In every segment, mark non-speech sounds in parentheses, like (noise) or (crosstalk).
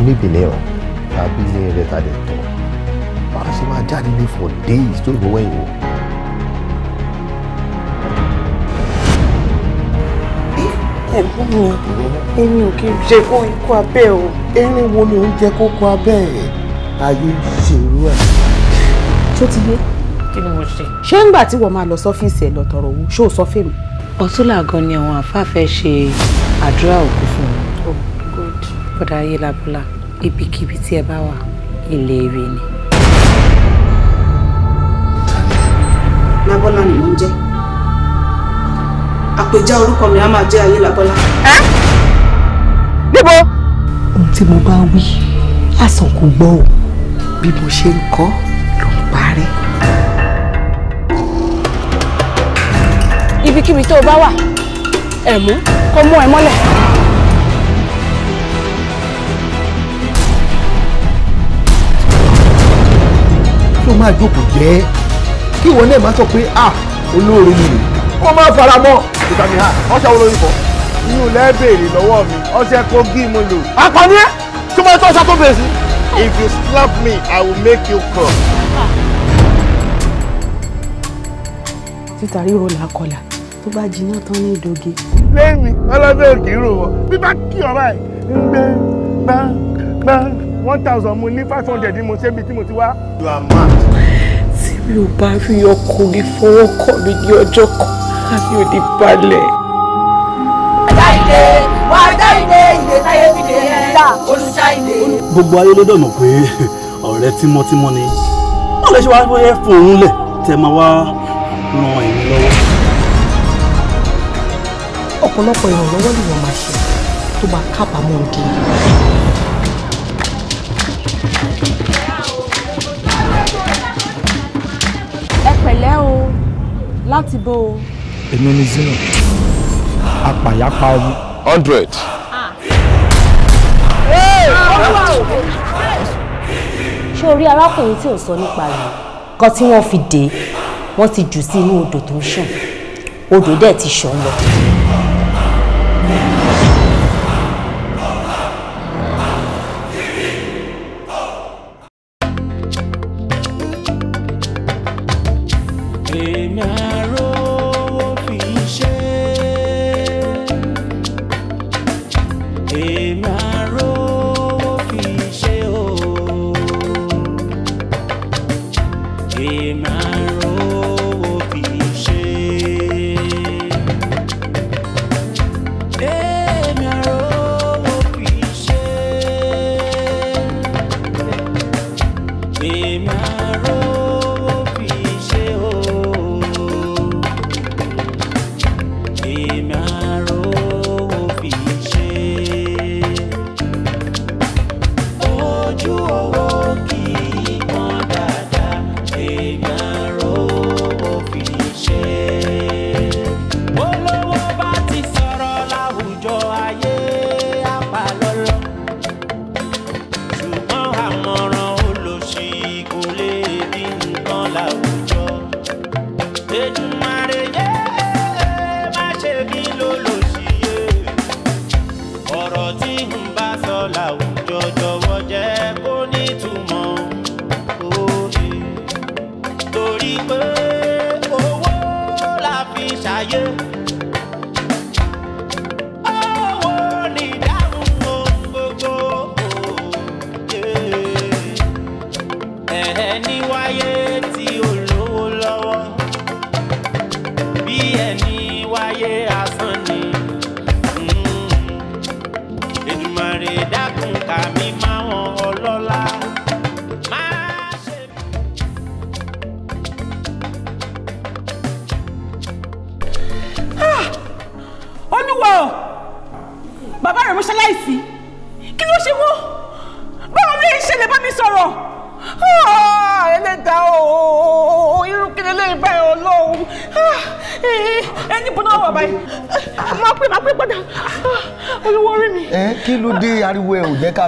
oníbìníràn tàbí ilé rẹ̀ tàbí tọ̀ bá a ṣe máa jáde ní for days tó ìwọ́ wẹ̀yìn wò. ẹ̀gbọ́n mi èmi ò kí n jẹ kó ikú abẹ́ o. erin wo ni oúnjẹ kókó abẹ́ ẹ̀ ayé ṣèrú ẹ̀. tó ti yé kí ni mo ṣe. ṣé ńgbà tí wọ́n máa lọ sọ́fíìsì ẹ̀ lọ tọrọ owó ṣó o sọ fèmí. ọtún làgán ni àwọn àáfàá fẹ́ ṣe àdúrà òkú fún un bọ̀dá Ayélabọ́lá ibikíbi tí ẹ bá wà ilé rẹ ni. Lábọ́lá ni mò ń jẹ́. Àpèjá orúkọ mi á máa jẹ́ Ayélabọ́lá. Ẹ́ níbo? Ohun tí mo bá wí, àsàn kò gbọ́ o. Bí mo ṣe ń kọ́ ló ń parẹ́. Ibikíbi tó o bá wà, ẹ̀mú kó mú ẹ mọ́lẹ̀. kí máa jókòó jẹ́ kí ìwọ náà máa sọ pé ah olóore ni wọ́n máa fara mọ́ ìtàmìhà ọṣẹ wo lórí inú lẹ́ lọ́wọ́ mi ọṣẹ kogi mo lò. àpàní ẹ tí mo tọ́ tó bẹ̀rẹ̀ sí. if you slap me i will make you cry. títa ríro làákọlà tó bá jiná tán ní ìdóge. lẹ́yìn ọlọ́dẹ òkè rò wọ́n bí bá kí ọ̀rá ẹ̀ ń gbé bá bá one thousand mo ní five hundred ni mo ṣe bí tí mo ti wá. you are mad mi ò bá rí ọkùnrin fọwọ́ kàn mí ní ọjọ́ kan àmì ò ní balẹ̀. gbogbo ayé ló dọ̀mọ̀ pé (laughs) ọ̀rẹ́ tímọ́tímọ́ ni wọ́n lè ṣe wáá fẹ́ fún òun lẹ̀ tẹ́ máa wá ran ẹ̀mí lọ́wọ́. ọ̀pọ̀lọpọ̀ ìrànlọ́wọ́ lè wọ́n máa ṣe tó bá kábàámọ̀ òde. láti bó o. èmi ni Zina apàyàpá ọmọ. hundred. Ah. Ah, ṣé o rí arákùnrin tí ò sọ nípa rẹ̀ kan tí wọ́n fi dé wọ́n ti jù sí inú odò tó ń ṣàn odò dẹ̀ ti ṣàn lọ.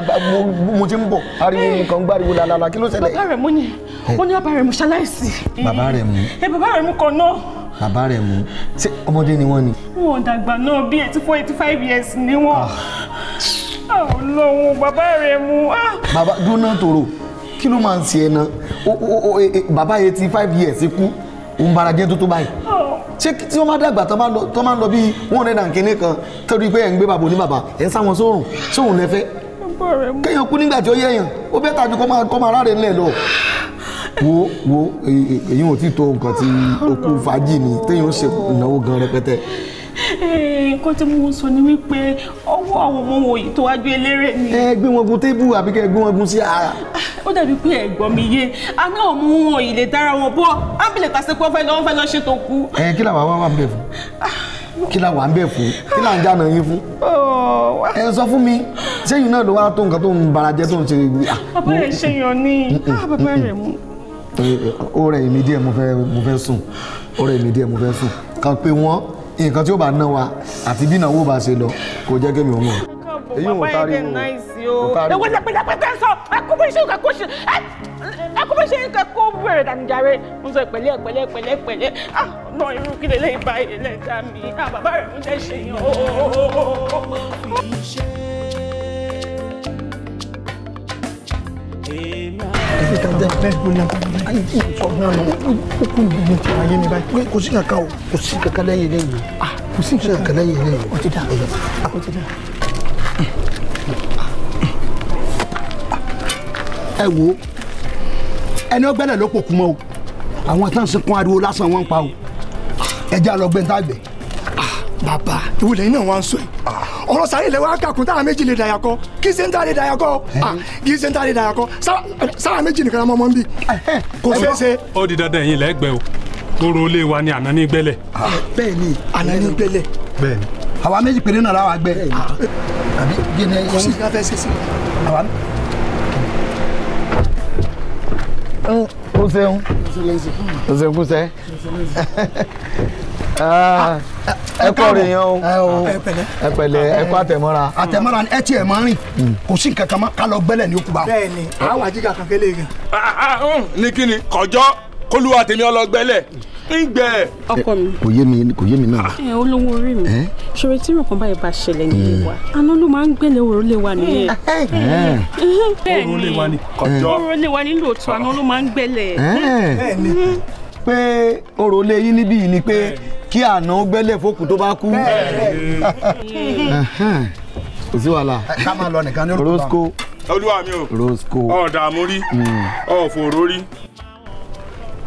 gbà mo ti ń bọ̀ ariwo nǹkan ń gbáriwo lálálá kí ló ṣẹlẹ̀. bàbá rẹ̀ mú ni ó ní bàbá rẹ̀ mú ṣaláìsí. bàbá rẹ̀ mú. ẹ bàbá rẹ̀ mú kan náà. bàbá rẹ̀ mú ṣé ọmọdé ni wọ́n ni. wọn dàgbà náà bí eighty four eighty five years ni wọ́n. Ah. Ah, ọlọ́run bàbá rẹ̀ mú. Ah. bàbá dúná tòrò kí ló máa ń ṣe ẹ e, e, bàbá eighty five years kú òun bara jẹ́ tó tó báyìí ṣé tí wọ́n bá dàgbà tó máa ń lọ bí one hundred and kìíní kan tó rí pé ẹ̀ ń gbé bàbá oníbàbà ẹ̀ ń sá wọn sórùn sóhun lẹ́fẹ́ gbọ́ rẹ mú. kéèyàn kú nígbà tí ó yẹ̀yàn ó bẹ́ẹ̀ tàbí kó máa kó máa ráre ńlẹ̀ lọ. wo wo èyí e, e, ò tí tó nǹkan tí okú fàájì ni téèyàn ó ṣe ìnáwó gan rẹpẹtẹ eh, nǹkan tí mo sọ ni wípé ọwọ́ àwọn ọmọ wòye tó wájú eléré ni. ẹ gbé wọn gun tébù àbí kẹ gbé wọn gun sí ara. ó dàbí pé ẹ̀gbọ́n mi yé aná ọmọ wọn ò yìí lè dára wọn bọ́ ábílẹ̀ tàṣepọ̀ fẹ́ lọ́wọ́ fẹ́ lọ́ọ́ ṣètò kú. ẹ kí làwọn wá wà ń bẹ̀ fún. Ah kí la wà ń bẹ̀ fún kí la ń jáná yín fún. Oh, ẹ sọ fún mi sẹ́yìn náà ló wá tó nǹkan tó ń bara jẹ́ tó ń ṣe. Ah, ah, bàbá ẹ̀ ṣe yàn ní mm, mm, ah, mm, bàbá mú. ó rẹ̀ èmi díẹ̀ mo fẹ́ sùn ó rẹ̀ èmi díẹ̀ mo fẹ́ sùn kan pé wọ́n nǹkan tí ó bá ná wa àti bí ìnáwó bá ṣe lọ kò jẹ́ kémi òun èyí ò tari o tari o. ewé jẹpẹjẹpẹjẹ sọ akúbọ̀ṣe kakóṣe akúbọ̀ṣe kakó bẹ̀rẹ̀ dànìjàre mo sọ pẹ̀lẹ́ pẹ̀lẹ́ pẹ̀lẹ́ pẹ̀lẹ́ ah náà irú kí lélẹ́yìn báyìí lẹ́ta mi ah bàbá rẹ̀ mo jẹ́ ṣe yàn ooo ṣe ta dẹ́ abẹ́ ló náà ayé tí mo sọ náà nù ó kún mi ní tiwa yé mi báyìí. pé kò sí kankan o kò sí kankan lẹ́yìn lẹ́yìn. Ah, kò sí kankan lẹ́yìn lẹ́yìn. o ti da o ti da. ẹ wò ó ẹni ó gbẹ́lẹ̀ ló pòkú mọ́ o àwọn tán sunkún ariwo lásán wọn ń pa o ẹ já lọ gbẹ́ntà gbẹ́. Ah, bàbá ìwúlẹ̀ yìí náà wá ń sọ yìí ah. ọ̀rọ̀ sáré ilẹ̀ wa kàkún táwọn méjì lè dàyà kọ́ kí sẹ́ńtà lè dàyà kọ́ ah, kí sẹ́ńtà lè dàyà kọ́ sára méjì nìkan mọ́ mọ́ ń bì. kò ṣeé ṣe. ó di dandan ẹ̀yin lẹ́gbẹ̀ẹ́ o tóró ilé wa ni àná ní gbẹ́lẹ̀. bẹ́ẹ̀ ni àná ní gbẹ́lẹ̀. bẹ́ẹ̀ ni. àwa méjì péré náà làwọn àgbẹ̀. àbí gíní. kò sí ká fẹ́ ṣe sí. àwa Ah, o ṣeun o ṣeun kúṣẹ́ ẹ kọ́ rè yan o ẹ pẹ̀lẹ́ ẹ kọ́ àtẹ̀mọ́ra. Ah, àtẹ̀mọ́ra ni ẹ tiẹ̀ máa ń rìn hmm. kò sí nǹkan kan mọ́ ká lọ gbẹ́lẹ̀ ní okùnbà. bẹ́ẹ̀ni àwọn àjíjà kan kélé gan. Ah, ní kíni kọjọ kólúwa tèmi ọlọgbẹlẹ ìgbẹ́. ọkọ mi. kò yé mi kò yé mi náà. ẹ olówó orí mi ṣòro tí nǹkan báyìí bá ṣẹlẹ̀ nílé wa àná ló máa ń mi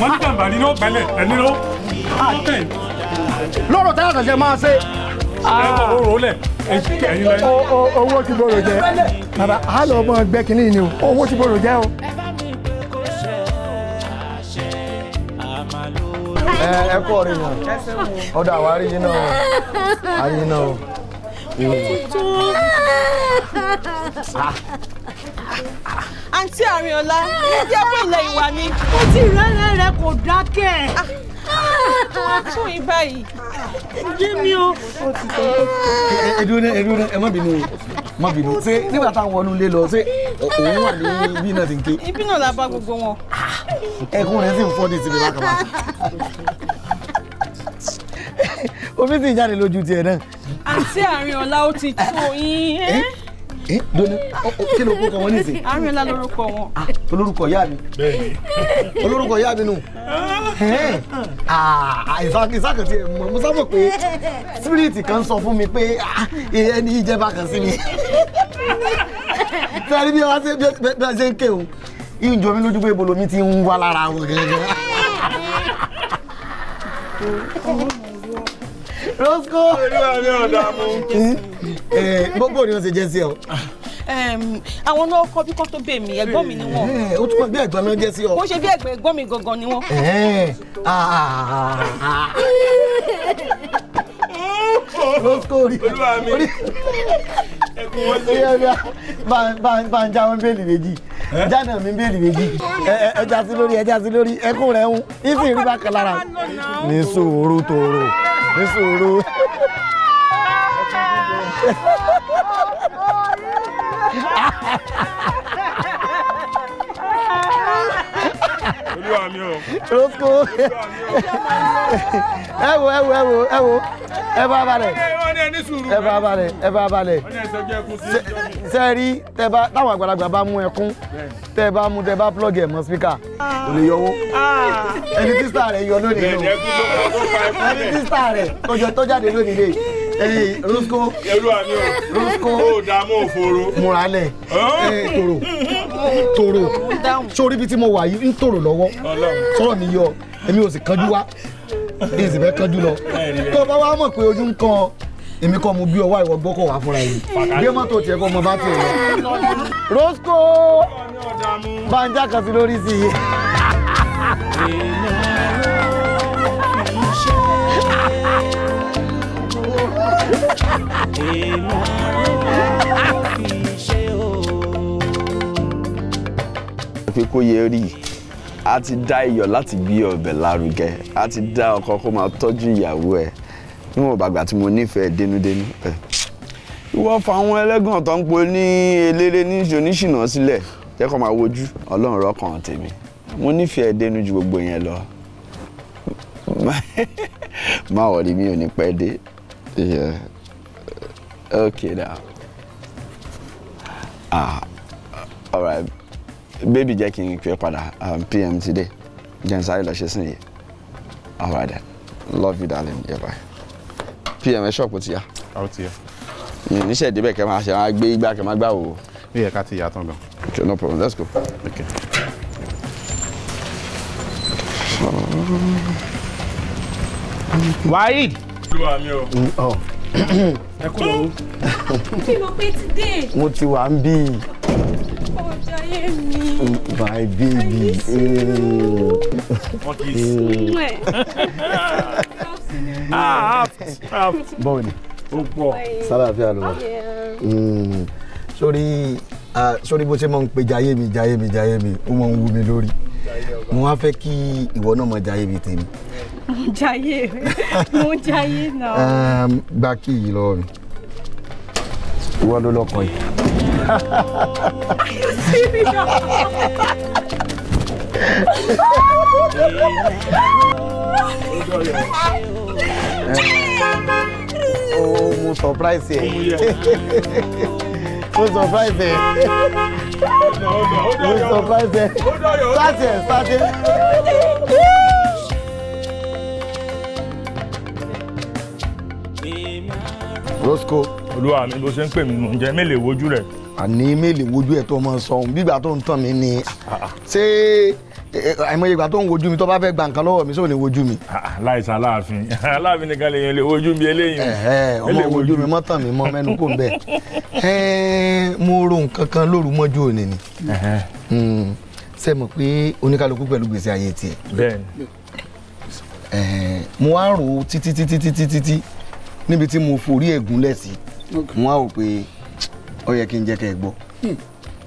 wọ́n ní jàǹbá nínú ọ̀gbẹ́lẹ̀ ẹni ló ọ̀tẹ̀. lọ́rọ̀ táyà tẹ̀sẹ̀ máa ṣe. ẹ kò rò ó lẹ̀ ẹ̀yin lẹ́yìn. owó ti bọ̀rọ̀ jẹ́ bàbá a lọ mọ ẹgbẹ́ kínní ni o owó ti bọ̀rọ̀ jẹ́ o. ẹ kú ọ̀rẹ́ yẹn ọ̀dọ̀ àwọn aríyìn náà aríyìn náà o àǹtí àrìnọ̀lá níbi ẹgbẹ́ ilẹ̀ ìwà ni. ó ti rẹ́rẹ́ rẹ kò dákẹ́. Ah, wọ́n á tún yín báyìí. jí mi o. ẹdun ní ẹdun ní ẹ má bínú o má bínú ṣé nígbà táwọn wọnú ilé lọ ṣé òun wà ní ibi náà ti ń ké. ibi náà la bá gbogbo wọn. ẹkún rẹ sì ń fọ́ ní ìsinmi bákan omi sì ń jáde lójú tiẹ̀ náà. àǹtí àrìnọ̀lá ó ti tó yín ẹ eh, dóná oh, oh, kí ló kókò wọn nísìnyí. arìnlá (laughs) lorúkọ wọn. Ah, olórúkọ ìyá mi (laughs) olórúkọ ìyá mi nù ìsákàtì ẹ mọ mo sábà pé spiriti kan sọ fún mi pé ah, ẹni ìjẹba kan sí mi tẹ́lẹ̀ (laughs) bí wọ́n ṣe ń kéwòn ìjọ mi lójú pé ibolo mi ti ń wá lára wọn gẹ́gẹ́. Rosco. olúwa mi ò dààmú. gbogbo ni wọ́n ṣe jẹ́ sí ọ. àwọn náà kọ bí kò tó bè mí ẹ̀gbọ́n mi ni wọ́n. ó tún kọ bí ẹ̀gbọ́n mi jẹ́ sí ọ. ó ṣe bí ẹ̀gbọ́n mi gangan ni wọ́n. Ah, ah, ah, olúwa mi ẹkún wọn sí. bá ń já wọn bẹ́ẹ̀lì méjì jáná mi bẹ́ẹ̀lì méjì ẹja sí lórí ẹja sí lórí ẹkún rẹ̀ ń ìsì ìrí bá kan lára ní sòwòrò tòrò Ha ha ha! rosco ẹ wo ẹ wo ẹ wo ẹ wo ẹ bá balẹ̀ ẹ bá balẹ̀ ẹ bá balẹ̀ ṣe rí tẹ bá táwọn àgbàlagbà bá mú ẹkún tẹ bá mú tẹ bá plug ẹ mọ́ speaker kò lè yọwọ́ ah. ẹni tísà rẹ̀ yọ lónìí lò ẹni tísà rẹ̀ tó jáde lónìí lè ẹyìn rosco. ẹlúwa ni o. rosco. o dààmú òforo. muralẹ. toro toro sórí ibi tí mo wà yìí ń toro lọ́wọ́ sọ̀rọ̀ mi yọ èmi ò sì kánjú wá èyí sì fẹ́ kánjú lọ tó o bá wá mọ̀ pé ojú ń kan èmi kọ́ mo bí ọwọ́ ìwọ gbọ́kọ̀ wá fúnra yìí bí mọ́tò tiẹ̀ kọ́ mo bá tẹ̀ lọ. rosco banja kan sí lórí sí i. èmi fi kó yẹ rí a ti dá iyọ̀ láti gbé ọbẹ̀ lárugẹ a ti dá ọkọ kó máa tọ́jú ìyàwó ẹ̀ níwọ̀n bàgbà tí mo nífẹ̀ẹ́ dénúdénú ìwọ fa àwọn ẹlẹ́gàn tó ń pò ní eléré ní oníṣìnà sílẹ̀ jẹ́ máa wojú ọlọ́run rọ́kàn tèmi mo nífẹ̀ẹ́ dénú ju gbogbo yẹn lọ (laughs) má wọ̀rí mi ò ní pẹ́ dé. Okay, now. Ah, all right. Baby Jackie in Kwepada, um, PM today. Jens Ayla, she's in All right then. Love you, darling. Yeah, bye. PM, ẹ ṣọ́ọ̀pù ti yá. A here. You yá. Níṣẹ́ ìdíbẹ̀ kẹ́ máa ṣe I'll be back. kẹ́ máa gbá wò. Ní ẹ̀ka ti yà tán gan. Okay, no problem. Let's go. Okay. Why? Oh ẹ kú lọ́wọ́. kí ló pé ti dé. mo ti wà ń bí. ọjà yé mi. my baby. bọ́ọ̀ ni. ó pọ̀. sálàáfíà ló wà. Hmm. sórí ah, sórí bó ṣe máa ń pe jayé mi jayé mi jayé mi ó máa ń wú mi lórí mo wá fẹ́ kí ìwọ náà mọ jayé bíi tèmi. mo jayé mo jayé náà. Ehm, gba kí yìí lọ mi ìwọ ló lọkọ yìí. Oh, mo surprise yẹn mo surprise ẹ mo surprise ẹ start it. start it. Rosco, olúwa mi bó ṣe ń pè mí mò ń jẹ mélèé wojú rẹ. àní mélèé wojú ẹ tó máa ń sọ ohun bígbà tó ń tàn mí ni ah, ah, ah. ṣé àìmọye ìgbà tó ń wojú mi tó bá fẹ́ gba nǹkan lọ́wọ́ mi sóò ní wojú mi. Ah, ah, láìsàn aláàfin (laughs) aláàfin nìkan lè yẹn lè wojú mi eléyìí. Eh, eh, ọmọ wojú mi mọ́ tàn mí mọ́ mẹ́nu kò ń bẹ̀. (laughs) Eh, mo ro nǹkan kan lóru mọ́jú òní ni hmm, ṣe mọ̀ pé oníkálukú pẹ̀lú gbèsè ayé tiẹ̀. bẹ́ẹ̀ni. mo wá rò ó títí títí títí títí níbi tí mo forí ẹ̀gúnlẹ̀ sí mo wá rò pé ó yẹ kí n jẹ́ kẹ́ ẹ gbọ́ hmm.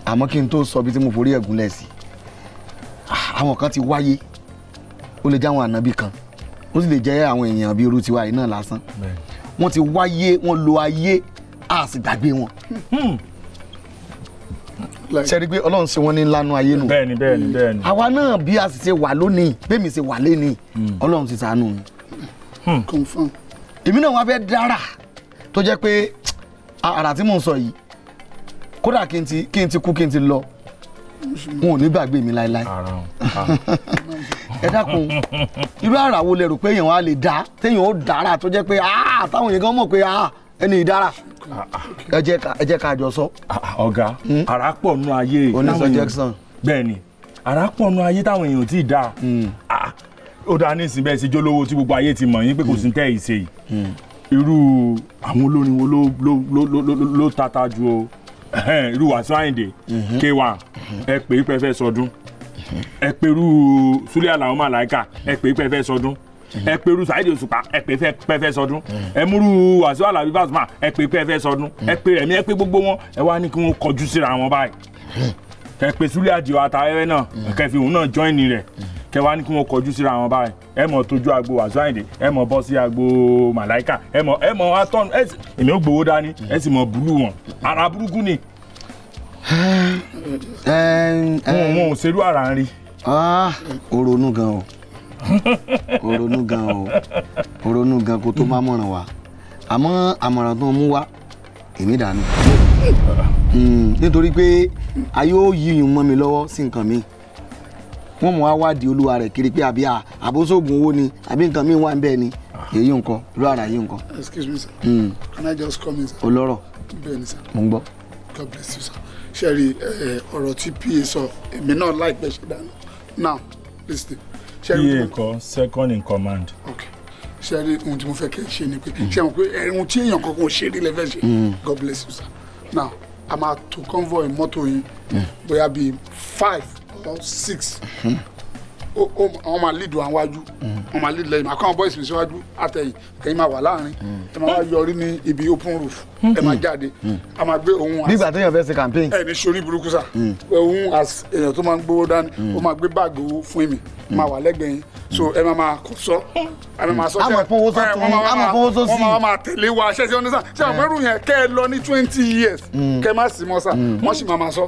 àmọ́ kí n tó sọ ibi tí mo forí ẹ̀gúnlẹ̀ sí àwọn kan ti wáyé ó lè jẹ́ àwọn ànábì kan ó sì lè jẹ́ àwọn èèyàn bíi irú yìí náà lásán wọ́n ti wáyé wọ́n lo ayé a sì gbàgbé wọn sẹ́ni hmm. pé ọlọ́run ṣe wọ́n ní lánú ayé nù. bẹ́ẹ̀ni bẹ́ẹ̀ni hmm. bẹ́ẹ̀ni. àwa náà bí a sì ṣe wà lónìí bẹ́ẹ̀ mi ṣe wà lónìí hmm. ọlọ́run ti ṣàánú mi. confam. èmi náà wá fẹ́ dára tó jẹ́ pé àrà tí mò ń sọ yìí kódà kí n ti kú kí n ti lọ wọn ò ní gbàgbé mi láéláé ẹ dákun irú àrà wo lẹ rò pé èèyàn á lè dá téèyàn ó dára tó jẹ́ pé táwọn èèyàn gan mọ̀ pé ẹni ìdára ẹ jẹ́ ká jọ sọ. ọ̀gá hmm? àrà pọ̀ nù ayé onísọ Jackson bẹ́ẹ̀ ni àrà pọ̀ nù ayé táwọn èèyàn tí ì dáa hmm. ó dáa ní ìsìn bẹ́ẹ̀ sí jólówó tí gbogbo ayé ti mọ̀ yín pé kò sí tẹ́ ìṣe yìí hmm. irú àwọn olórin wo ló tata ju o irú wàásù àyìndé k1 ẹ pè é pẹ́fẹ́ sọdún mhm. ẹ pè irú súlẹ̀ àlàó màláìka ẹ pè é pẹ́fẹ́ sọdún mhm. ẹ pè irú Saheed Òṣùpá ẹ pè é pẹ́fẹ́ sọdún mhm. ẹ múrú wàásù àlàbí Pasuma ẹ pè é pẹ́fẹ́ sọdún ẹ pè rẹ̀mí ẹ pè gbogbo wọn ẹ wá ní kí wọ́n kọjú síra wọn báyìí ẹ pè súlẹ̀ àdìwà àtàwẹ́rẹ́ náà kẹfì náà join rẹ̀ kẹ́ ní kí wọ́n kọjú síra wọn báyìí ẹ mọ̀ tójú agbo wàásù ẹ mọ̀ bọ́ sí agbo màláìkà ẹ mọ̀ ẹ mọ̀ atọ́nu ẹ sì èmi ò gbowó dání ẹ sì mọ̀ búlù wọn ara burúkú ni. wọn ò ṣerú ara ń rí. Ah, ó ronú gan o ó ronú gan o ó ronú gan kó tó má mọ̀ràn wa àmọ́ àmọ̀ràn tó ń mú wa èmi dànù hmm, nítorí pé ayé ó yíyún mọ́ mi lọ́wọ́ sí nǹkan mi wọ́n mọ̀ wá olúwa rẹ̀ kiri pé àbí àbóṣoògùn owó ni àbí nǹkan míì wà ń bẹ́ẹ̀ ni èyí nǹkan ló ara yìí nǹkan. excuse me sir mm. can i just come in sir. olóró bẹ́ẹ̀ ni sir. mo ń gbọ́. god bless you sir ṣẹ́ẹ̀rì eh, ọ̀rọ̀ tí pa sọ èmi náà láìpẹ́ ṣe dànù now please stay. ṣẹ́ẹ̀rì pa nǹkan second in command. okay ṣẹ́ẹ̀rì ohun tí mo fẹ́ kẹ́ ṣe ni pé hmm. ṣẹ́ẹ̀rì pé eh, ohun tí èèyàn kankan ṣe rí lẹ́fẹ̀ẹ́ ṣe hmm. god bless you sir now a máa tó convoy mọ́tò yín hmm. bóyá bíi five about six wọ́n máa lead wọn wájú wọ́n máa lead lẹ́yìn máa boys mi síwájú àtẹ̀yìn kẹ́yìn máa wà láàrin ẹ máa yọrí ní ibi open roof ẹ máa jáde a máa gbé ohun. bí ìgbà téèyàn fẹ́ ṣe campaign. ẹ ní sori burúkú sa ohun as èèyàn tó máa ń gbowó dání ó máa gbé báàgì owó fún mi máa wà lẹ́gbẹ̀ẹ́ so ẹ máa máa sọ ẹ máa sọ ṣe ẹ máa fowó wọ́n máa tẹ̀lé wa ṣẹ́ṣẹ́ ọ́nẹ́sà ṣe àwọn ẹrù yẹn kẹ́ ẹ lọ ní twenty years mm. kẹ́ ẹ má sì mọ́ sà mm. wọ́n sì máa máa sọ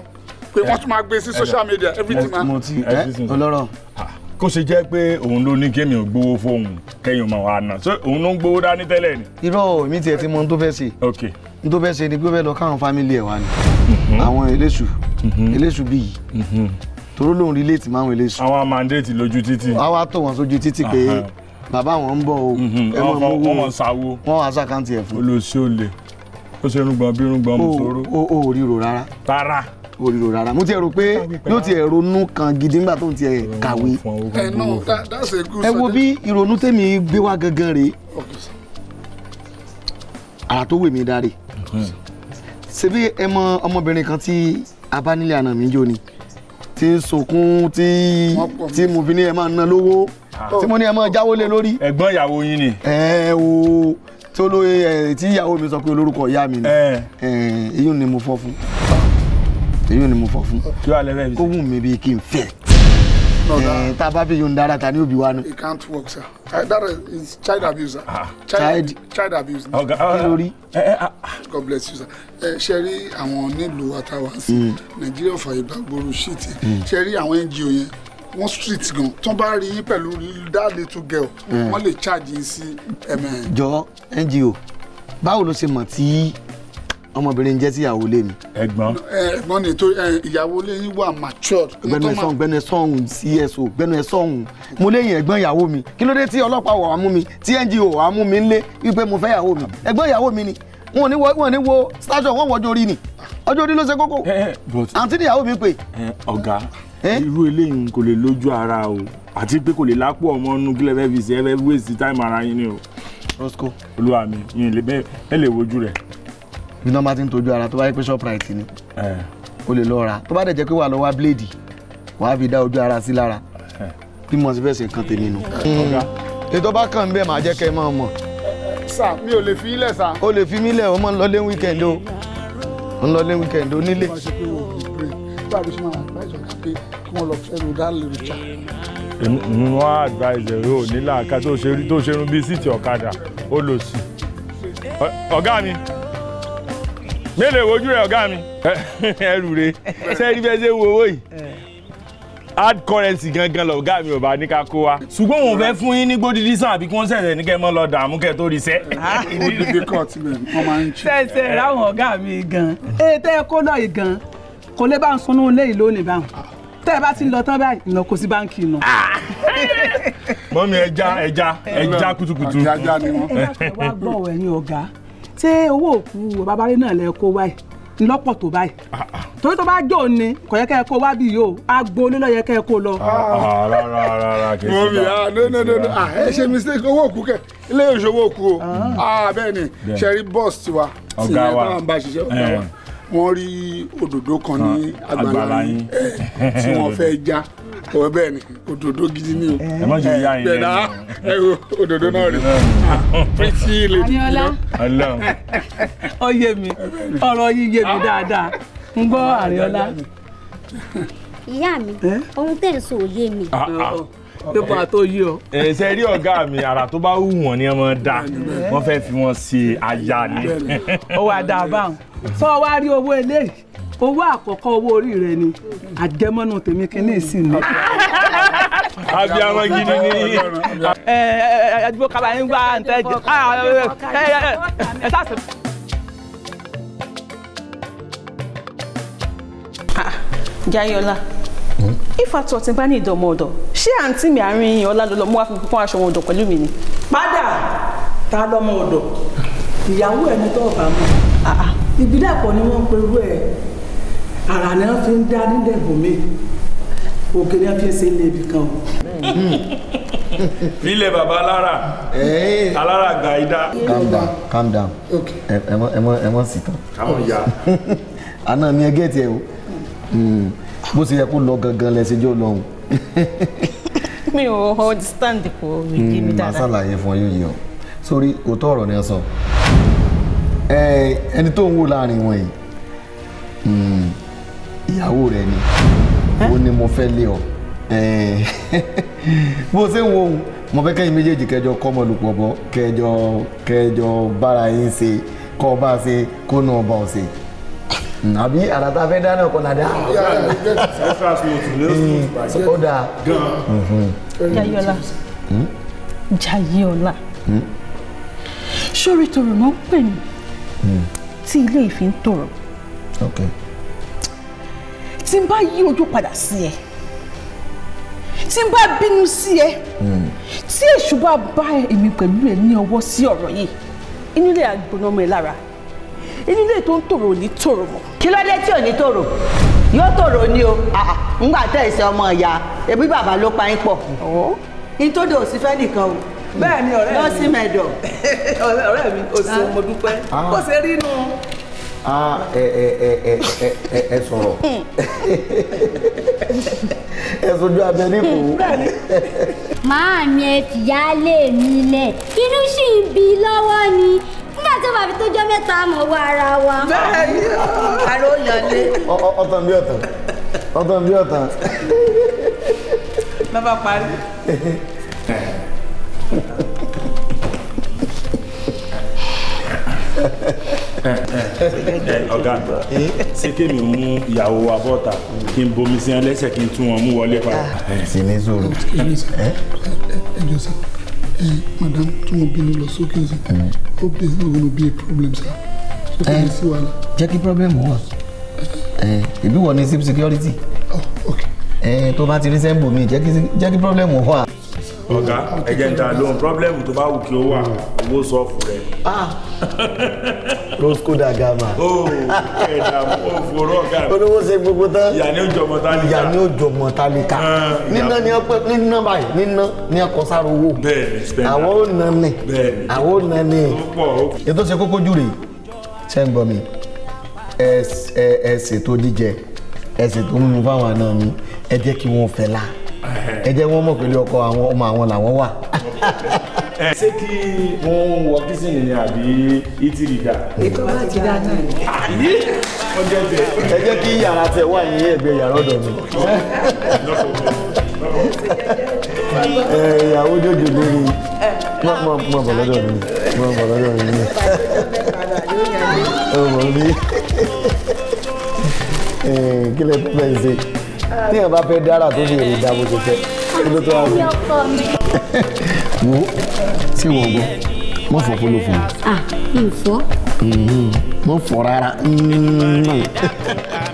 pé wọ́n tún máa gbé sí social media everything ma. mo ti everything. ọlọ́rọ̀ ah, kó ṣe jẹ́ pé òun ló ní kémi ò gbowó fóun kẹ́yìn ọmọ wa náà ṣé òun ló ń gbowó dání tẹ́lẹ̀ ni. irọ́ mi tiẹ̀ ti mọ ohun tó fẹ́ ṣe. ok ohun tó fẹ́ ṣe ni pé ó fẹ́ lọ káwọn fámìlì ẹ̀ wá ni. Mhm. àwọn eléṣù mhm. eléṣù bíi yìí mhm. toró lòun relate máa ń eléṣù. àwọn amandéètì lójú títì. àwa tó wọn sójú títì pé bàbá wọn ń bọ̀ o ẹ mọ̀ mọ́ wọn sáwó wọn wá sàkáǹtì ẹ̀ fún. olóṣèlú ó ṣe rúgbọ̀n bí rúgbọ̀n mùsòrò. o ò ríro rárá. rárá kò rírò rárá mo ti rò pé yóò ti ronú kan gidi nígbà tó ti kàwé. ẹ wo bí ìrònú tèmi gbé wá gangan rèé àrà tó wè mí dáre ṣebí ẹ mọ ọmọbìnrin kan tí abánilé àná mi jó ni tí ń sunkún tí tí mo fi ní ẹ máa ná lówó ah. tí mo ní ẹ máa jáwó lé lórí. ẹ̀gbọ́n ìyàwó yín ni. ẹ o tí ìyàwó mi sọ pé olórúkọ ìyá mi ni èyí ni mo fọ́ fún èyí ni mo fọ fún kó wù mí bí kí n fẹ́ eh, tá a bá fi yọ̀ǹda ara ta ni òbí wa nu. it can't work sir that is child abuse sir. Ah. child child abuse. ọ̀gá ọ̀gá lórí. Eh, eh, ah. god bless you sir. ẹ ṣe rí àwọn nílùú àtàwánsì mm. Nigeria fàyègbà gbòòrò ṣìtì ṣe rí àwọn ngo yẹn wọ́n street gan tó bá rí yín pẹ̀lú that little girl wọ́n lè charge yín sí. jọ ngo báwo ló ṣe mọ̀ tí ọmọbìnrin jẹ́ tíyàwó lé mi. ẹ̀gbọ́n. ẹ̀gbọ́n ni to ìyàwó lé yín wà mature gbẹnu ẹ sọhùn gbẹnu ẹ sọhùn cso gbẹnu ẹ sọhùn mo léyìn ẹ̀gbọ́n ìyàwó mi kí ló dé tí ọlọ́pàá wà wá mú mi tí ngo wà mú mi ńlé wípé mo fẹ́ ìyàwó mi ẹ̀gbọ́n ìyàwó mi ni wọn ò ní wo wọn ò ní wo station wọn wọ orí ni ọjọ́ orí ló ṣe kókó eh, eh, àǹtí ìyàwó mi pè. Eh, ọ̀gá irú eléyìí kò lè lójú ara o àti pé kò lè lápò ọmọ nu kílẹ̀ fẹ́ fi ṣe ẹ fẹ́ waste time ara yín ni o. olúwa mi ẹ lè wojú rẹ̀ bí náà bá ti ń tọ́jú ara tó bá yẹ pé Shoprite ni o lè lọ ra tó bá dẹ̀ jẹ́ pé wà lọ́wọ́ bíléèdì wà á fi dá ojú ara sí lára bí mo ti fẹ́ ṣe kan tèmi nù. ètò bá kàn ń bẹ́ẹ̀ máa jẹ́ kẹ́ ẹ máa mọ̀. sà mi ò lè fi ilẹ̀ sà. o lè fi mí lẹ̀ o máa ń lọ lé wíkẹ̀ndì o ń lọ lé wíkẹ̀ndì o nílé. mo wá advise rẹ nílà ká tó ṣe rún bíi síìtì ọ̀kadà ó lọ sí ọ̀gá mi mélòó wojú rẹ ọ̀gá mi (laughs) ẹrù re sẹ́ẹ̀rí bẹ́ẹ̀ ṣe wo owó yìí hard currency gangan lọ ọ̀gá mi ò bá ní ká kó wa. ṣùgbọ́n òun fẹ́ fún yín ní gbódìdí sàn àbí kí wọ́n ṣẹ̀ṣẹ̀ ní kẹ́ mọ́ lọ dààmú kẹ́ tó rí sẹ́. ó dìde kọ́ọ̀tì rẹ̀ wọ́n máa ń ṣe. ṣẹ̀ṣẹ̀ ráwọn ọ̀gá mi gan ee tẹ́ ẹ kó lọ yìí gan kò lè bá ń sunú ilé yìí lónìí báwọn tẹ́ ẹ bá ti lọ tán báyìí ìnà kò sí báńkì nù. Ah! mọ́mí ẹja ẹja ẹja kutukutu. àjàjà ni wọ́n. ẹ wá gbọ́ ẹ̀yin ọ̀gá ṣé owó òkú babalẹ náà lẹ kó wáyé lọ́pọ̀ tó báyìí ah, ah. torí tó bá jò ní kò yẹ kẹ́ ẹ kó wá bí yìí o agboolé lọ yẹ kẹ́ ẹ kó lọ. Ah, rárá rárá kì í sí bá no no no ẹ ṣe mistake owó òkú kẹ ilé ìṣòwò òkú o bẹ́ẹ̀ ni ṣe rí tiwa ọ̀gá wa ọ̀gá wa wọ́n rí òdòdó kan ní àgbàlá yín eh, tí wọ́n fẹ́ já ọ̀rọ̀ bẹ́ẹ̀ ni òdòdó gidi ni o eh, ẹ má jù yá yín lẹ́nu ẹ wo òdòdó náà rí ah, pretty lady. Aniola ọ yé mi eh, ọ̀rọ̀ yín yé mi ah. dáadáa ń gbọ́ Aniola. Ah, ìyá mi ohun tẹ̀ ń sọ ò yé mi pépà tó yí ọ. ẹsẹ rí ọ̀gá mi ara tó bá wù wọ́n ni wọ́n dá wọ́n fẹ́ẹ́ fi wọ́n ṣe aya ni. ó wàá dá a báwọn sọ wá rí owó eléyìí owó àkọ́kọ́ owó orí rẹ ni àjẹmọ́nù tèmi kìíní sì ni. abiyamọ gidi ni. ẹ ẹ àdúgbò kaba yín gba ntẹ jẹ ẹ ẹ ẹ sáàsì. Ah, Jayọ̀lá ifá tó ti bá ní ìdánmọ ọ̀dọ̀ ṣé àǹtí mi àárín yìí ọlá lọlọ mú wá fi pọn aṣọ wọn ọ̀dọ̀ pẹ̀lú mi ni. padà ta lọmọ ọ̀dọ̀ ìyàwó ẹni tó bá mọ ìbílẹ̀ pọ̀ ni wọ́n ń perú ẹ̀ àrà ni wọ́n fi ń dá nílẹ̀ bòmí òkè ni wọ́n fi ń ṣe ilé ibì kan o (laughs) nílẹ̀ baba alára alára gba idá. calm down calm down ẹ mọ ẹ mọ ẹ mọ sí tán. káwọn ya. (laughs) àná ni ẹgẹ́ o. Hmm bó ṣe yẹ kó lọ gangan lẹ́sìn jọ lọ́hùn. (laughs) mi ò understand kò rí di mi hmm, dáadáa. màá ṣàlàyé fún ọ yóò o ọ sórí òótọ́ ọ̀rọ̀ ni ẹ sọ ẹni tó ń wò láàrin wọn yìí hmm, ìyàwó rẹ ni ó ní mo fẹ́ lé ọ (laughs) bó ṣe ń wo ohun mo fẹ́ kẹ́yìn méjèèjì kẹjọ kọ́mọlùpọ̀ bọ́ kẹjọ kẹjọ bára yín ṣe kọ́ bá ṣe kó náà bá ọ ṣe. Nabi hmm, àràtà fẹ́ dáná ọkọ̀ nàdá. Hmm, ó dáa. Jayọlá Jayọlá sórí tòrò náà ń pè ní hmm. tí ilé ìfín tòrò tí n bá yí ojú padà sí ẹ tí n bá bínú sí ẹ tí èṣù bá bá èmi pẹ̀lú ẹ ní ọwọ́ sí ọ̀rọ̀ yìí inú ilé àgbọ̀nà ọmọ ẹ lára inú ilé tó ń tòrò ní tòrò mọ́. kí ló dé tí ò ní tòrò yóò tòrò ni o ngbà tẹ̀ ìṣe ọmọ ìyá ẹbí bàbá ló pa yín pọ̀ nítorí òsì fẹ́ nìkan o bẹ́ẹ̀ ni ọ̀rẹ́ mi lọ sí mẹ́dọ̀ (laughs) ọ̀rẹ́ mi o ṣeun mo dúpẹ́ kó ah. ṣe rí nu. Ah, ẹ sọ̀rọ̀ hmm. (laughs) ẹ sojú abẹ nípò. (laughs) màámi ẹ fìyà lé mi lẹ inú sì ń bi lọ́wọ́ ni tí wàá fi tójọ́ mẹ́ta mọ̀ wá ara wa. bẹ́ẹ̀ni àrò yọlé. ọtàn bí ọtàn ọtàn bí ọtàn. lọ́ba parí. ọ̀gá ṣé kémi mú ìyàwó wa bọ́ta kí n bomi sí ẹ lẹ́sẹ̀ kí n tún wọn mú wọlé padà. sí ní sòrò. ẹ ẹ jọ sí. Eh, madam tí wọ́n bí ní lọ sókè sí eh. ó bí it's not gonna problem sir so kò ní sí wàhálà. jẹ́ kí problem wà eh, ìbí wọ ni sip security. oh okay. tó bá ti rí sẹ́ńbù mi jẹ́ kí problem wà ọ̀gá ẹ̀jẹ̀ ń ta lóhun pírọ́blẹ́mù tó bá wù kí ó wà owó sọ́ọ̀fù rẹ̀. rosco da gama. ó ẹ̀dà òfòrò ọ̀gá mi. olówó ṣe gbogbo tán. ìyá ni ó jọmọ tálíkà. ìyá ni ó jọmọ tálíkà. Ah, níná ni ọpẹ níná báyìí níná ni ọkọ sára owó. bẹ́ẹ̀ni bẹ́ẹ̀ni. àwọn ò nà ní. bẹ́ẹ̀ni àwọn ò nà ní. ó pọ̀ ó. ètò ṣe kókó jù ṣe ń gbọ́ mi ẹ ẹ ṣètò jíjẹ ẹ ṣètò mímu fáwọn àna mi ẹ jẹ́ kí wọ́n fẹ́ láà ẹ jẹ́ wọ́n mọ̀ pẹ̀lú ọkọ àwọn ọmọ àwọn làwọn wà. (laughs) ṣé kí wọ́n wọ kísìnì ni àbí ìtìrì dà. ètò láti dá náà ni. àyè ọjọ́ tẹ. ẹ jẹ́ kí yàrá tẹ wà ní ẹgbẹ́ yàrá ọ̀dọ̀ mi. (laughs) ìyàwó jòjò lórí mọ bọ̀ lọ́dọ̀ mi mọ bọ̀ lọ́dọ̀ mi. ọmọ mi (laughs) kí lè tó ṣe tí èèyàn bá fẹ́ dára tó fi èrè dáàbò tó fẹ́ ló tó wà wò. (laughs) wo tí wọ́n gbọ́ mọ́ fọ́ fún ló fún mi. ah n fọ́. Mhm, mọ́ fọ́ rárá. Mm-hmm.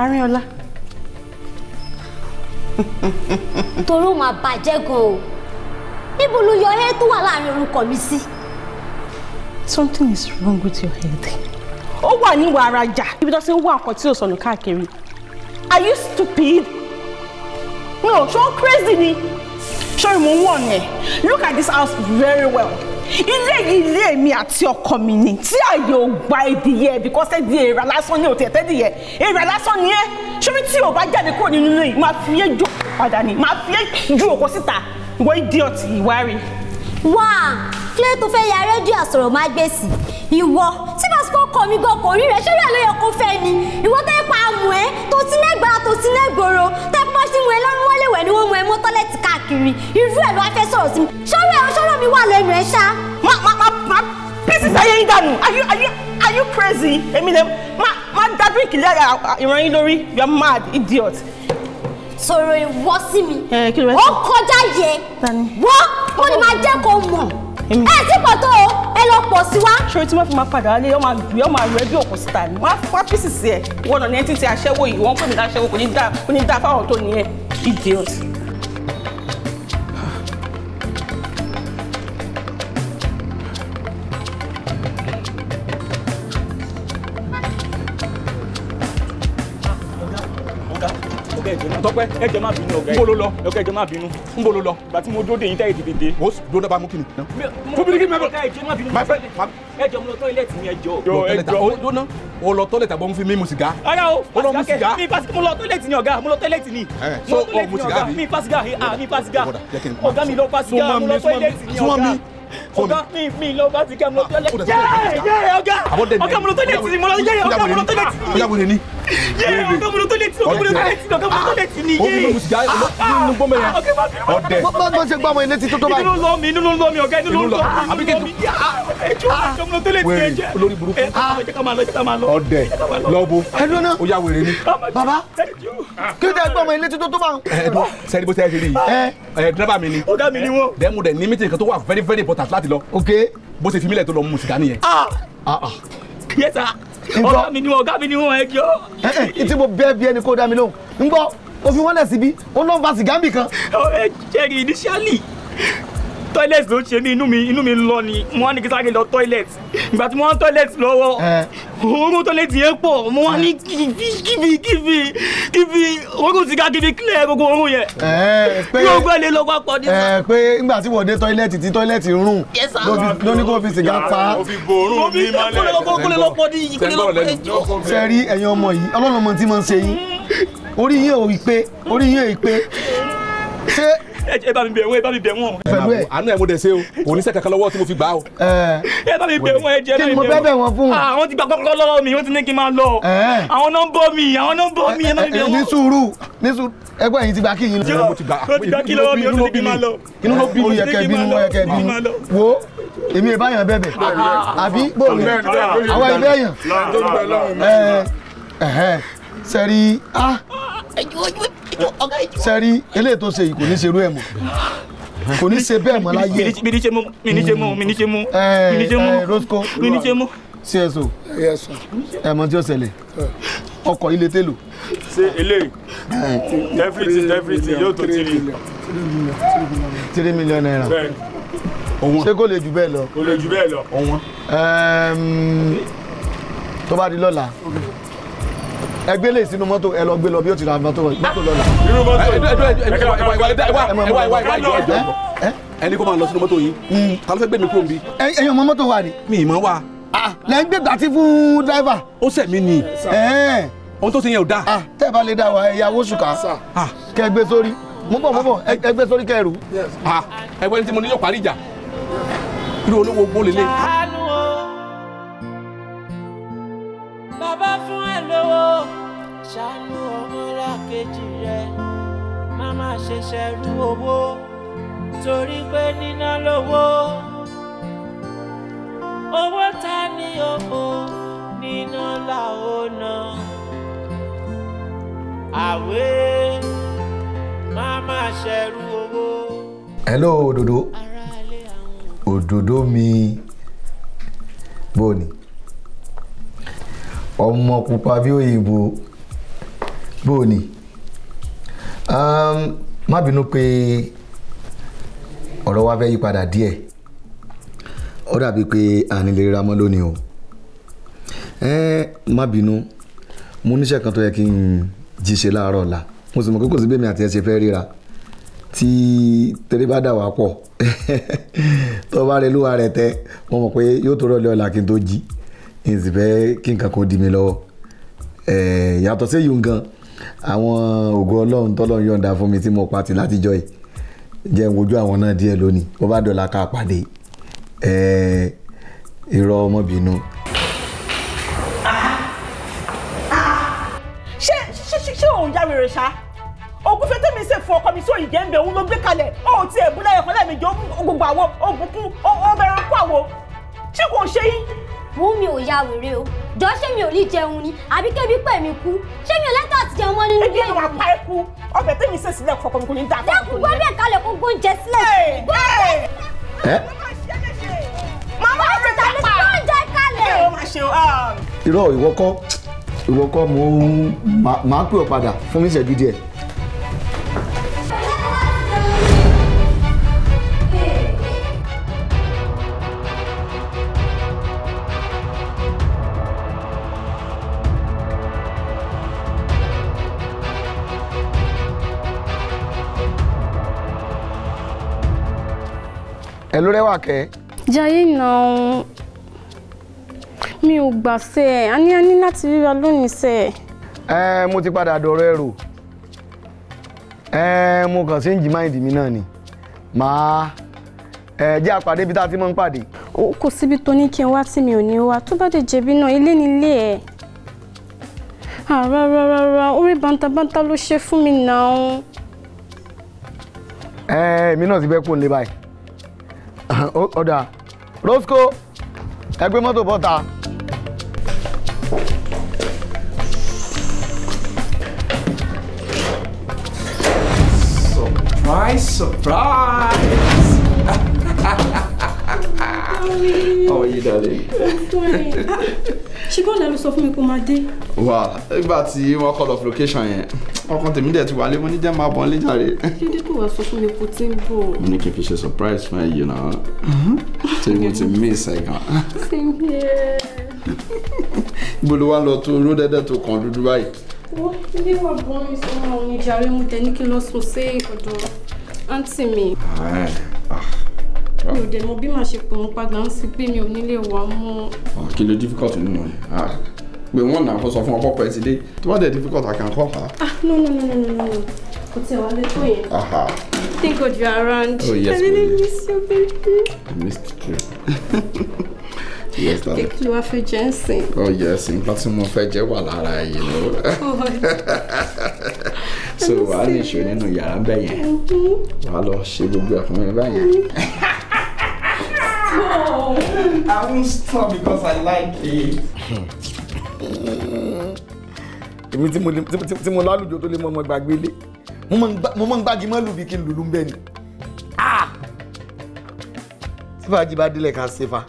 Arínọlá. Toró máa bàjẹ́ gan o. Níbo ló yọ ẹ́ tó wà láàrin orúkọ mi sí? Something is wrong with your head. Ó wà ní ìwà ara jà. Ibi tó ti ń wá ọkọ̀ tí ò sọnù káàkiri. Are you stupid? No, ṣó crazy ni. Ṣé mo ń wọ̀n ẹ̀? Look at this house very well ilé yìí ilé mi àti ọkọ mi ni tí àyè ò gba ìdíyẹ bíkọ́sẹ́ di èrà lásán ní òtí ẹ̀tẹ́ díyẹ èrà lásán ni ẹ ṣórí tí ò bá jáde kúrò nínú ilé yìí máa fi é jòkó padà ni máa fi é ju òkó síta ìwọ ìdí ọ̀tí ìwárí. wá kílé tó fẹ́ ya rédíò àsọ̀rọ̀ má gbèsì ìwọ tí pàṣípọ̀ kọ mi gan kò rí rẹ ṣé rí àlóyè kó fẹ́ ni ìwọ tẹ́ pa amù ẹ́ tó lẹ́gbàá tó lẹ́gbòrò tẹ́ pọ́ sí mu ẹ lọ́rùn wọ́n lè wẹ̀ ni wọ́n mu ẹ mọ́ tọ́lẹ́tì káàkiri irú ẹ̀ ló wá fẹ́ sọ̀rọ̀ sí mi ṣọ́rọ̀ ẹ̀ ṣọ́rọ̀ mi wà lẹ́nu ẹ̀ ṣá. má má má má bísí sáyé yín dànù are you crazy èmi lè má má dá drink lẹ́yà ìran yín lórí you are mad idiot sọ̀rọ̀ ìwọ sí mi. Eh, ó kọjá yẹ wọ́n wọ́n ni máa jẹ́ kó mọ̀ ẹ ti pọ̀ tó o ẹ lọ pọ̀ sí wa. ṣòro tí wọ́n fi máa padà wálé wọ́n máa gbé wọ́n máa rẹ bí òkú síta ni wọ́n á fọ́ písì sí ẹ wọ́n nà ní ẹtí ti aṣẹ́wó yìí wọ́n pè mí láṣẹ́wó kò ní dáa fáwọn tó ní ẹ idiot. tọpẹ ẹ jẹ má bínú ọgá ẹ ń bolo lọ ọgá ẹ jẹ má bínú ń bolo lọ ìgbà tí mo dóde yín táyé tètè dé. o dó dábàá mú kí ni. mo bí kí mi bá bọ. ẹ jọ mo lọ tọ́lẹ̀ tí mi ẹ jọ. ẹ jọ o lọ tọ́lẹ̀ tàbọ̀ ń fi mímu sìgá. ara o o lọ mu sìgá. mi pasi mo lọ tọ́lẹ̀ tì ní ọ̀gá mo lọ tọ́lẹ̀ tì ní. so o mu sìgá bi. mi pasiga ah mi pasiga ọ̀gá mi lọ pasiga mo lọ tọ́lẹ̀ tì ní ọ̀gá ọ̀gá mi mi lọ bá ti kẹ́ mo lọ tọ́lẹ̀ tì ní ọ̀gá ọ̀gá mo lọ tọ́lẹ̀ tì ní ọ̀gá mo lọ tọ́lẹ̀ tì ní yé ọgọmọlú tó létí ọgọmọlú tó létí ọgọmọlú tó létí ni yé nínú gbọmọ yẹn ọdẹ bọ́n ṣe gbọmọ yẹn létí tó tó báyìí. inú lọ mi inú lọ mi ọgá inú lọ mi inú lọ mi ẹjọ ọgọmọlú tó létí ẹjọ olórí burúkú ọdẹ lọ́bù ó yà wèrè ni. baba kí ló dé gbọmọ yẹn létí tó tó báyìí. ẹ dùn sẹ́ni bó ṣe ṣe rí i ẹ dírẹ́bà mi ni ọ̀gá eh, very very important láti lọ. ok bó ṣe fi mílẹ̀ tó ah. ah ah yes sir ọ̀gá mi ni ọ̀gá mi ni wọn ẹ jọ. ẹ ẹ tí mo bẹ́ẹ̀ bí ẹni kó dá mi lóhùn ń gbọ́ òfin wọn lẹ̀ síbi ó lọ́n fa sìgá mi kan. ẹ jẹ́rìí initially toilet ló ṣe mí inú mi inú mi lọ ni mo wá ní kí sáré lọ toilet ìgbà tí mo wá toilet lọ́wọ́ òórùn toilet yẹn pọ̀ mo wá ní kíbi kíbi kíbi kíbi òórùn sìgá kíbi clear gbogbo òórùn yẹn yóò gbé lé lọ́wọ́ pọ̀ ní sá. pé ìgbà tí wọ́n dé toilet tí toilet rùn ló ní kó fi sìgá ta. mo fi bòórùn mi mọ́lẹ̀ kúlẹ̀ lọ́pọ̀ ní ìkúlẹ̀ lọ́pọ̀ ẹjọ́. sẹ́rí ẹ̀yin ọmọ yìí ọlọ́run ọmọ tí mo ń ṣe yín orí yín ò ì pé orí yín ò ì pé ṣé ẹ bá mi bẹ̀ wọ́n ẹ bá mi bẹ̀ wọ́n. àánú ẹ̀ mo dẹ̀ ṣe o (laughs) kò ní sẹ́kẹ̀kẹ́ lọ́wọ́ tí mo fi gbà o. ẹ bá mi bẹ̀ wọ́n ẹ jẹ́ bá mi bẹ̀ wọ́n. kí ni mo bẹ́ bẹ̀ wọ́n fún. àwọn ah, ti gba kọ́kọ́ lọ́wọ́ mi wọ́n ti ní kí n máa lọ. àwọn náà ń bọ́ mi àwọn náà ń bọ́ mi ẹ bá mi bẹ̀ wọ́n. ní sùúrù ní sùúrù ẹgbẹ́ yìí ti gba kí yín lọ. mo ti gba kí lọ́wọ́ mi ó ti ní kí n máa lọ. inú ló bí mi yẹ kẹ́ bínú yẹ kẹ́ bínú wo èmi ì báyàn bẹ̀bẹ̀ àbí bóòlù àwọn ìbẹ̀yàn sẹ́rí ah sẹ́rí eléyìí tó ṣe yìí kò ní ṣerú ẹ̀ mọ́ kò ní ṣe bẹ́ẹ̀ mọ́ láyé mi ní ṣe mú mi ní ṣe mú mi ní ṣe mú mi ní ṣe mú rosco mi ní ṣe mú. cso ẹ̀mọ́ tí ó ṣẹlẹ̀ ọkọ̀ ilé télò. ṣe eléyìí everything everything yóò tó tiri. three million naira ọ̀wọ́n ṣé kò lè jù bẹ́ẹ̀ lọ. kò lè jù bẹ́ẹ̀ lọ. ọ̀wọ́n tó bá di lọ́la. Okay ẹ gbé lè sínú mọ́tò ẹ lọ gbé lọ bí ó ti ra mọ́tò lọ́la. irú mọ́tò ẹni kó máa lọ sínú mọ́tò yìí ta ló fẹ́ gbé mi kúrò níbí. ẹyin ọmọ mọ́tò wa ni. mi ì mọ wa. lẹ ń gbé gbàtí fún dráìvà. ó ṣẹ̀ mí ni ohun tó ti yẹn ò dáa. tẹ́ ẹ bá lè dá wa ẹ̀yàwó ṣùkà kẹ́ ẹ gbé sórí mú bọ̀ mú bọ̀ ẹ gbé sórí kẹ́ẹ̀rù. ẹgbẹ́ tí mo ní yóò parí ìjà irú olówó gbólélé. bàbá ṣàánú ọmọlàkejì rẹ má má ṣe ṣẹrú owó torí pé níná lówó owó ta ní owó níná là ó ná má má ṣẹrú owó. hello òdòdó òdòdó mi bóni ọmọ pupa bí òyìnbó bó o ní um, má bínú pé ọ̀rọ̀ wa fẹ́ yí padà díẹ̀ ó dàbí pé ànilè ra mọ́ lónìí o má bínú mo níṣẹ́ kan tó yẹ kí n jí ṣe láàárọ̀ ọ̀la mo sì mọ̀ pé kò sí bẹ́ẹ̀ mi àti ẹ ṣe fẹ́ ríra tí tẹ́lẹ̀ bá dà wá pọ̀ (laughs) tó bá rẹ lúwa rẹ tẹ mo mọ̀ pé yóò tó rọ̀lẹ́ ọ̀la kí n tó jí n sì fẹ́ kí nǹkan kan di mi lọ́wọ́ yàtọ̀ sí yìí gan àwọn ògo ọlọ́run tọ́lọ́run yọ̀ǹda fún mi tí mo pati látijọ́ yìí jẹ́ ń wojú àwọn náà díẹ̀ lónìí bó bá dọ̀la ká pàdé irọ́ ọmọbìnú. ṣé ṣé ṣé òun yá rere ṣá ogun fẹ́ tẹ́mi ṣe fún ọkọ mi sí òyìnbó ẹ̀ǹbẹ̀ òun ló gbé kalẹ̀ ó ti ẹ̀bùn lẹ́yìn ọ̀kan lẹ́ẹ̀mejì ó gbogbo àwọn ògùn kú ó bẹ̀rẹ̀ kú àwo ṣé kò ṣe yín wú mi ò ya wèrè o jọ ṣé mi ò lè jẹun ni àbí kébi pẹ̀ mi kú ṣé mi ò lẹ́tọ̀ àti jẹun mọ́ nínú ilé mi. ẹgbẹ́ wa pa ẹkú ọbẹ̀ tẹ́mi sè sílẹ̀ fọkọ mi kò ní dáa. dákun gbọ́dọ̀ kalẹ̀ kó gbóúnjẹ sílẹ̀. màmá ti ta pa gbóúnjẹ kalẹ̀. Ah. irọ́ ìwọ kọ́ ìwọ kọ́ mo máa pè ọ́ padà fún mi ìṣẹ́jú díẹ̀. Hello Rẹ́wàkẹ́. Jayé náà mi ò gbà sẹ́ ẹ̀ a ní a ní láti ríra lónìí sẹ́ ẹ̀. ẹ mo ti padà dọ̀rọ̀ ẹ̀rù ẹ mo kàn sí ń jí máìndì mi náà ni màá ẹ jẹ́ àpàdé ibi tá a ti máa ń pàdé. kò síbi tó ní kí n wá tí mi ò ní wá tó bá dé jẹ̀bi náà ilé nílé ẹ̀ rárá orí bàǹtàbàǹtà ló ṣe fún mi náà. ẹ èmi náà ti bẹ́ kó ń lé báyìí. (laughs) Oda, oh, oh, Rosco, ẹgbẹ́ mọ́tò bọ́ta. Surprise, surprise! (laughs) Oh are you, darling? I'm (laughs) ṣé bọ́ọ̀lù ẹ ló sọ fún mi kó máa dé. wà á nígbà tí wọ́n call off location yẹn ọkàn tèmi dẹ̀ ti wà lẹ́mọ́ níjẹ́ máa bọ̀ níjà rẹ̀. dídí kò wá sọ fún mi kó tí ń bọ̀. mo ní kí n fi ṣe surprise fún ẹ yìí náà tí mm-hmm. mo ti miss ẹ gan. same here. gbolo wa lọ tó ró dẹ́dẹ́ tó kàn dúdú báyìí. ó ní wà bọ́ mi sọ́wọ́n àwọn ìjà rẹ̀ mo dẹ̀ ní kí n lọ sùn sí ọ̀dọ̀ àǹtí mi. Ah. mi ò dẹ̀ mọ bí màá ṣe pè wọ́n padà ń sí pé mi ò nílé wà mọ́. Ah, kí ló difficult nínú ẹ ah, pé wọ́n náà kó sọ fún ọpọ́ pẹ̀sì dé tí wọ́n dẹ̀ difficult I can call her. ah no no no no no kò tẹ̀ wá lé tó yẹn. Thank God you around. Oh yes, I really miss you, baby. I missed you. (laughs) yes, darling. Kí ló wá fẹ́ jẹ ń sìn? Oh yes, nǹkan tí mo fẹ́ jẹ wà lára yìí lọ. (laughs) Oh, so wàá lè ṣe nínú yàrá bẹ́yẹn. Wàá lọ ṣe gbogbo ẹ̀fọn mi báyẹn. No! I won't stop because I like it. Èmi tí mo tí mo lálùjọ tó lè mọ ọmọ gbàgbé lé. Mo mọ̀ ń gbági mọ́ lù bí kí n lùlù ń bẹ̀ ni. Ah! Tí fàájì bá délẹ̀ ká ṣe fa.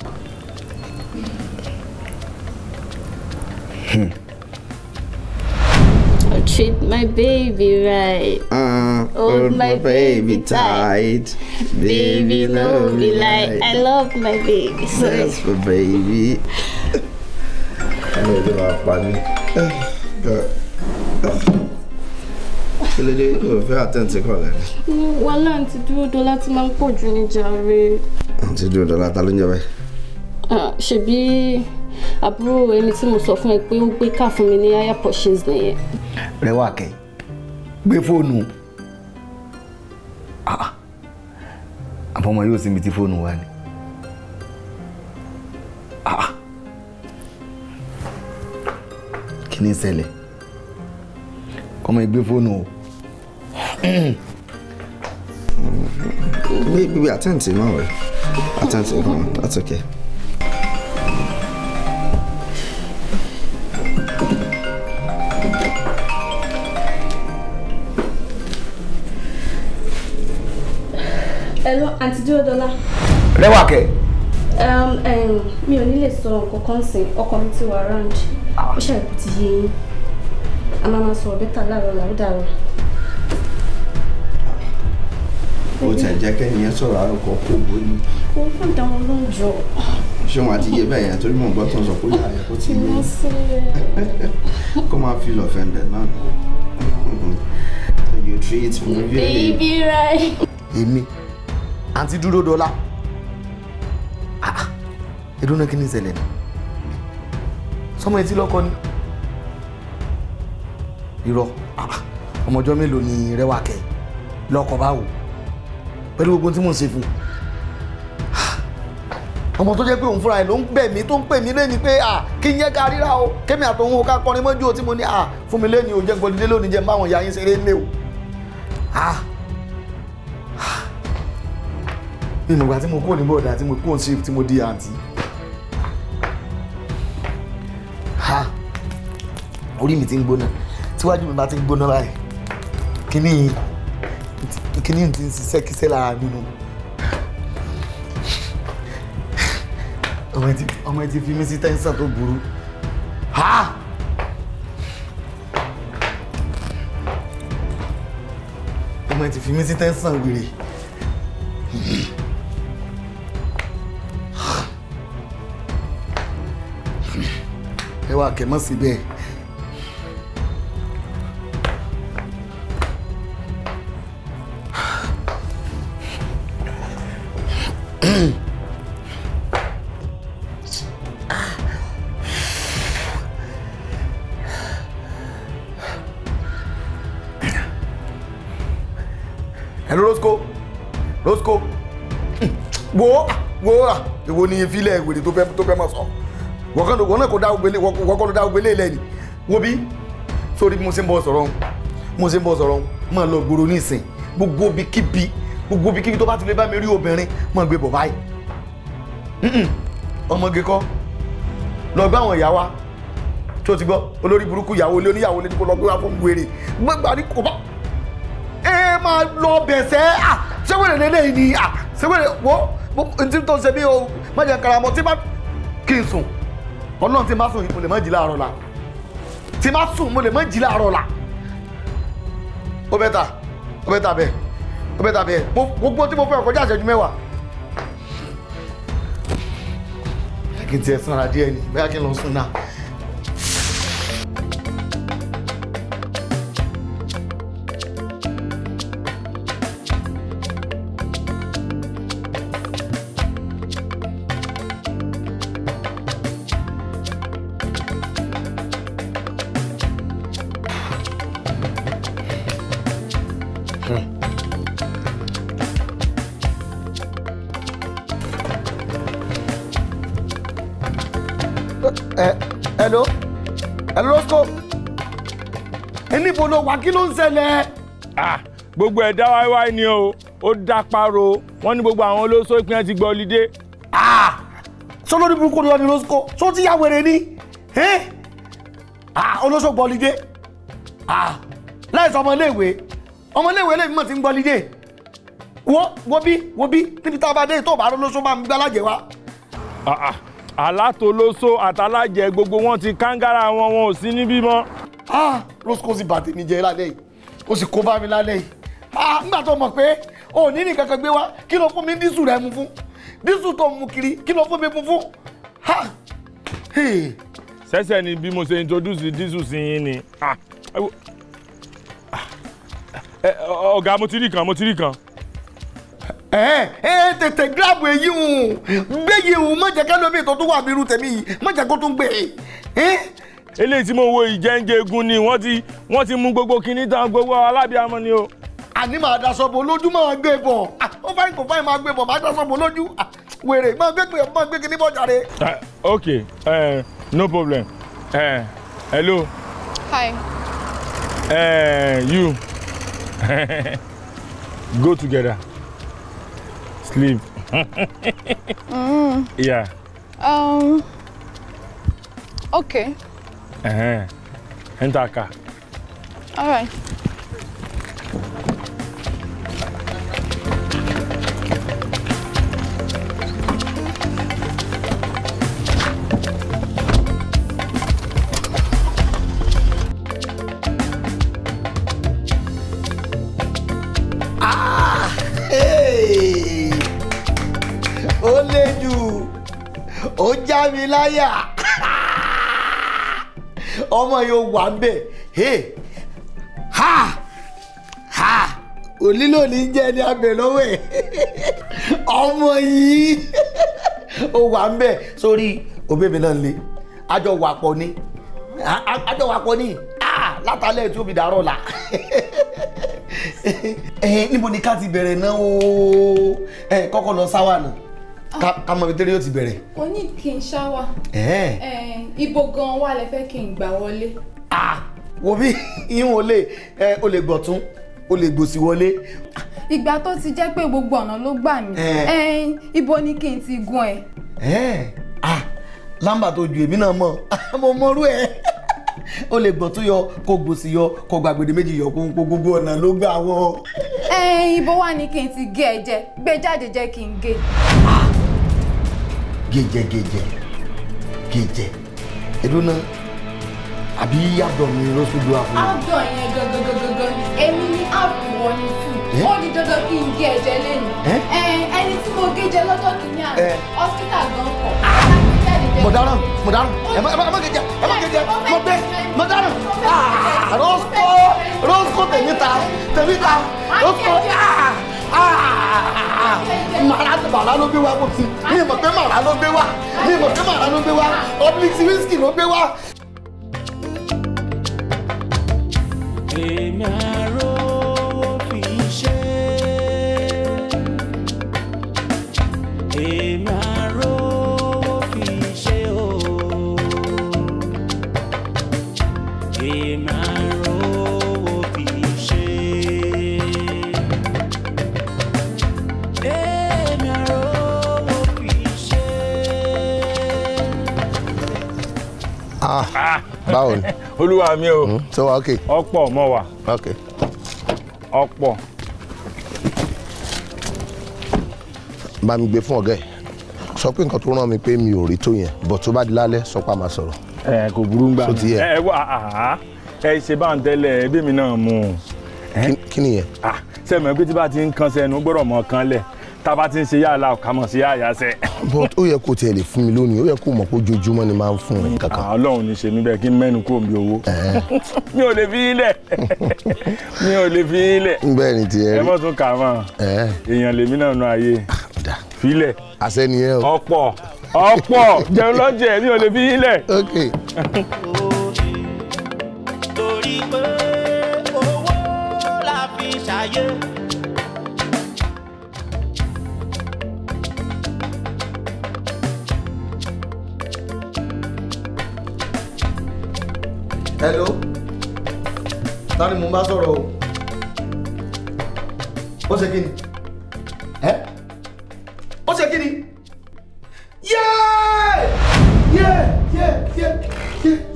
treat my baby right. Uh, hold, my, my baby, baby tight. tight. Baby, love me like I love my baby. So That's for baby. Ano ba pani? Kí ló dé o fẹ́ àtẹ̀ǹtì kọ̀ lẹ́? Wàhálà àǹtí dúró dọ́là ti máa ń pọ̀ jù ní jàre. Àǹtí dúró dọ́là ta ló ń jẹ báyìí? Ṣebí àbúrò ẹni tí mo sọ fún ẹ pé ó gbé ká fún mi ní higher purchase nìyẹn. Rẹwàkẹ́ gbé fóònù ah, ah. àbọ̀mọ yóò sinmi tí fóònù wa ni ah, kí ni ṣẹlẹ̀ kọ́mọ gbé fóònù o maybe we attend to him, aren't we? Attend to him, that's okay. hello àǹtí dúró dọ́là. rẹwà kẹ. Um, mi ò ní lè sọ nǹkan kan sìn ọkọ mi ti wà round ah. ó ṣàlùkù ti yé yín a máa máa sọ̀rọ̀ bẹ́tà láàárọ̀ làwùdàrọ̀. o tẹ̀ jẹ́ kẹ́ni yẹn sọ̀rọ̀ àròkọ kò bó ni. kò fún ìdáwọn olóhùn jọ. ṣé wọn àti iye bẹ́ẹ̀ yẹn torí mò ń gbọ́ tó ń sọ pé ìyá rẹ̀ (laughs) (laughs) you treat me really. baby right. èmi àǹtí dúró dọ́là ìdúná ah, ah. kí ni ìṣẹ̀lẹ̀ ni sọmọ etí lọ́kọ ni irọ́ ah, ọmọjọ́ mélòó ni rẹwàkẹ́ lọ́kọ báwo pẹ̀lú gbogbo tí mò ń ṣe fún ọmọ tó jẹ́ pé òun fúnra ẹ̀ ló ń bẹ̀ mí tó ń pè mí lẹ́ni pé à kí n yẹ ká ríra o kémi àtòun o ká kọrin mọ́jú o tí mo ní à fún mi lẹ́ni o jẹ́ gbọ́dídé lónìí jẹ́ báwọn ìyá yín ṣeré lé o. ìnùgbà tí mo kó ní bọ̀dà tí mo kó ṣe tí mo di àǹtí. ha orí mi ti ń gbóná tíwájú mi bá ti ń gbóná báyìí kíní kíní ti ń ṣiṣẹ́ kíṣẹ́ lára mi ọmọ ti fi mí sí tẹ́ńsán tó burú. ha. ọmọ ẹ ti fi mí sí tẹ́ńsán wèrè. ẹ wá kẹ̀ mọ́ sí bẹ́ẹ̀. Hello Rosco, Roscoe wo wo ìwo ah, ni ìfilẹ̀ ìwèrè tó fẹ́ tó fẹ́ mọ̀ sọ wọ́n náà kò dá gbélé wọ́n kọ́ ló dá gbélé lẹ́ni wo bí sórí mo ṣe ń bọ̀ sọ̀rọ̀ mo ṣe ń bọ̀ sọ̀rọ̀ máa lọ gbòòrò nísìn gbogbo ibikíbi gbogbo ibikíbi tó bá ti lè bá mi rí obìnrin máa gbé bọ̀ báyìí ọmọge kọ́ lọ gbá àwọn ìyá wa tí o ti gbọ́ olórí burúkú ìyàwó ilé oníyàwó ilé kó lọ gbé wa fún wèrè gbẹ́gbà ní kò bá ẹ máa lọ bẹ̀sẹ̀ à ṣéwèrè lélẹ́yìn ni à ṣéwèrè wọ́n ntí tó ṣe bí o má tí bá kí n sùn ọlọ́run tí n bá sùn mo lè má jí láàárọ̀ la tí n bá sùn mo lè má jí láàárọ̀ la ó bẹ́ ta ó bẹ́ ta bẹ́ẹ̀ ó bẹ́ ta bẹ́ẹ̀ gbogbo tí mo fẹ́ ọ̀kọ́jà ìṣẹ́jú mẹ́wàá kí n tiẹ̀ sanra díẹ̀ ni bẹ́ẹ̀ kí n lọ sùn náà. kí ló ń ṣẹlẹ̀. Ah, gbogbo ẹ̀dá wáíwáí ni o ó dá páro wọ́n ní gbogbo àwọn olóṣó ìpínlẹ̀ ti gba olídé. sọlọ́dún ah, burúkú lọ ní lọ́sọ̀kọ́ sọ ti yá wèrè ni ah, olóṣó gba olídé láìsọ ọmọléèwé ọmọléèwé lèmi mọ̀ ti ń gba olídé wo wo bí wo bí níbi tá a bá dé tó bá lọ́sọ̀ bá mi gbá lájẹ̀ wá. alátolóso àtàlájẹ gbogbo wọn ti kángára wọn wọn ò sí níbí mọ́ rose kò sì bà tèmi jẹ́ lálẹ́ yìí ó sì kó bá mi lálẹ́ yìí ah nígbà tó mọ̀ pé ò ní nìkan kan gbé wá kí ló fún mi dísù rẹ mu fún dísù tó mu kiri kí ló fún mi mu fún ha. sẹ́sẹ̀ ni bí mo ṣe introduce dísù sí yín ni ah, ah, ọ̀gá mo ti rí kan mo ti rí kan ẹ ẹ tètè gíráàbù èyí hùn gbé yìí hùn má jẹ́ kẹ́lómi tó tún wà bí irú tèmi yìí má kó tún gbé e eléyìí tí mo wo ìjẹ́njẹ̀gùn ni wọ́n ti wọ́n ti mú gbogbo kinní tán gbogbo alábìámọ́ ni o. àní màá daṣọ́bọ̀ lójú máa gbé bọ̀ ó fáyín kò fáyín máa gbé bọ̀ màá daṣọ́bọ̀ lójú wèrè máa gbé pé máa gbé kinní bọ̀ jàre. ok uh, no problem uh, hello. hi. Uh, you (laughs) go together sleep. (laughs) mm. yeah. Um, okay. Ẹ̀hẹ́n, ẹ̀ ń ta àkà. All right. Ah, ó ó já mi láyà. ọmọ yóò wà ń bẹ̀ ha ha òlílò ní jẹ ní abẹ lọ́wọ́ (laughs) ọmọ yìí (laughs) ó wà ń bẹ̀ sórí òbí náà le àjọ wà pọ̀ ni àjọ wà pọ̀ ni látàlẹ́ tí la (laughs) níbo ni ká ti bẹ̀rẹ̀ náà o kọ́kọ́ lọ sáwà náà. ká mọ ibi tẹ́lẹ̀ yóò ti bẹ̀rẹ̀. kò ní kí n ṣáwà. ibo gan-an wà lẹ fẹ́ kí n gbà wọlé. wo bí ihun olè o lè gbọ̀tún o lè gbòsì wọlé. ìgbà tó ti jẹ́ pé gbogbo ọ̀nà ló gbà mí ibo ni kí n ti gun ẹ̀. lámbà tó ju èmi náà mọ̀ mo mọ̀rú ẹ̀ o lè gbọ́ tó yọ kó gbòsì yọ kó gbàgbèdè méjì yọ kó gbogbo ọ̀nà ló gbà wọ́n. ibo wà ní kí n ti gé ẹ jẹ gbé jáde jẹ́ kí n gé gèjè gèjè gèjè ẹdúná àbí yàtọ̀ mi ló sùn dúrà fún mi. àádọ́ yẹn gọ́gọ́gọ́gọ́ èmi ní àpò wọn ni fún eh? ó di dandan kí n gé ẹ̀jẹ̀ lẹ́nu eh? Eh, ẹni tí mo gèjè lọ́jọ́ kìíní àná ọ́sítà gan kọ̀ ah, mo dáràn mo dáràn oh. ẹ má ẹ má gèjè ẹ má gèjè ah, rosco rosco tèmi ta tèmi ta rosco. Ah màrá ah! màrá ló gbé wá mo ti ní ìmọ̀ pé màrá ló gbé wá ní ìmọ̀ pé màrá ló gbé wá public whiskey ló gbé wá. èmi àrò. Ah, báwo ni. (laughs) olúwa mi o. ṣé wàá òkè. ọ̀pọ̀ mọ wà. ọ̀pọ̀. bá mi gbé fún ọ̀gá ẹ̀ sọ pé nǹkan tó rán mi pé mi ò rí tó yẹn bọ̀ tó bá di lálẹ́ sọ pé a máa sọ̀rọ̀. ẹ kò burú ń gbà mí ẹ wá ẹ ṣe bá ń tẹ́lẹ̀ ẹbí mi náà mú un. kí ni yẹn. sẹ́mi ah, pé tí bá ti ń kan sẹ́nu gbọ́dọ̀ mọ̀ kan lẹ̀ tá bá ti ń ṣe yàrá ọ̀ka mọ̀ sí yàrá sẹ́. but ó yẹ kó tiẹ̀ lè fún mi lónìí ó yẹ kó mọ̀ pé ojoojúmọ́ ni máa ń fún ẹ kankan. Ah, ọlọ́run ní ṣe mí bẹ́ẹ̀ kí n mẹ́nu kó mi owó mi ò lè fi ilẹ̀ mi ò lè fi ilẹ̀. bẹ́ẹ̀ ni tiẹ̀ rí ẹ mọ̀ tún kà mọ́ èèyàn lèmi náà nu ayé ah, filẹ̀ ọ̀pọ̀ ọ̀pọ̀ jẹun lọ́jẹ̀ mi ò lè fi ilẹ̀. torí pé hello ta ni mo bá sọ̀rọ̀ o ó ṣe kí ni ẹ ó ṣe kí ni yéé yéé Yeah, yéé yéé yeah,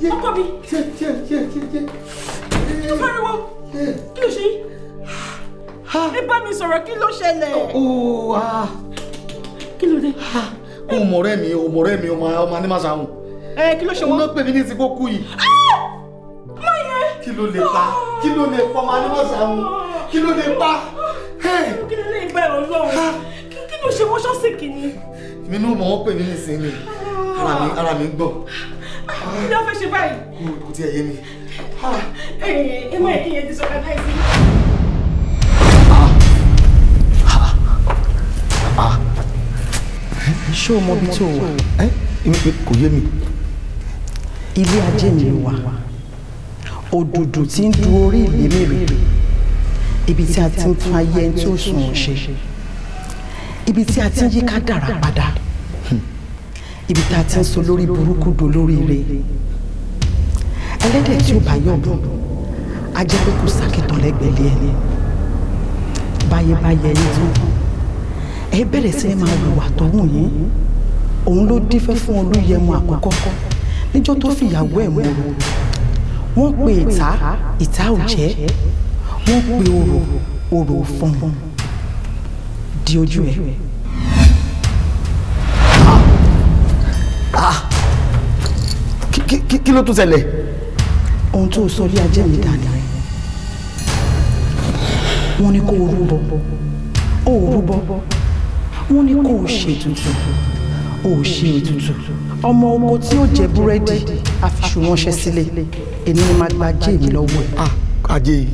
yeah. mi yéé yéé yéé yéé yéé yeah, fẹ́rẹ̀ wọ kí o ṣe ẹ bá mi sọ̀rọ̀ kí ló ṣẹlẹ̀. Oh, oh, ah. kí ló dé. o mọ̀rẹ́ mi o mọ̀rẹ́ mi o máa ní màsà hùn. ẹ kí ló ṣe wọ́n. o náà pè mí ní ti kó kú ló lè pa kí ló lè pọ máa ní wọ́n sàmù kí ló lè pa. kí ló lè gba ẹ̀rọ lọ́wọ́ kí ló ṣe wọ́n ṣọ́ọ̀ṣì kìíní. èmi náà mọ̀ wọ́n pè mí nísìnyí ara mi ara mi ń gbọ̀. kí ló fẹ́ ṣe báyìí. kò tiẹ̀ yé mi. ẹ má yẹ kí yẹn disorganize mi. Ah. ṣé o mọ ibi tó wà? ẹ eh? kò yé mi. ilé ajé mi wà òdùdù tí ń du orí ìlé mèrè ibi tí a ti ń tún ayé ẹni tí ó sùn wọn ṣe ibi tí a ti ń yí ká dára padà ibi tá a ti ń sọ lórí burúkú do lórí re ẹlẹ́dẹ̀ tí ó bá yọ̀bọ̀ a jẹ́ pé kò sákìtàn lẹ́gbẹ̀lẹ́ ẹni báyébáyé ẹni tó ẹ bẹ̀rẹ̀ sí ni máa hùwà tó wù yín òun ló dífẹ́ fún olóyèmọ àkọ́kọ́ níjọ́ tó fìyàwó ẹ̀ mọ́rò wọ́n pe ìta ìta ò jẹ́ wọ́n pe orò orò ò fọ́n di ojú ẹ̀. Ah! kí ló tún ṣẹlẹ̀. ohun tó sọ lé ajé mi dání rẹ wọ́n ní rúbọ o rúbọ wọ́n ní kó o ṣètùtù o ṣe ètùtù ọmọ oko tí ó jẹ búrẹ́dì àfiṣù ránṣẹ́ sílé èmi ni màá gba ajé mi lọ́wọ́ ẹ̀. Ah, ajé yìí.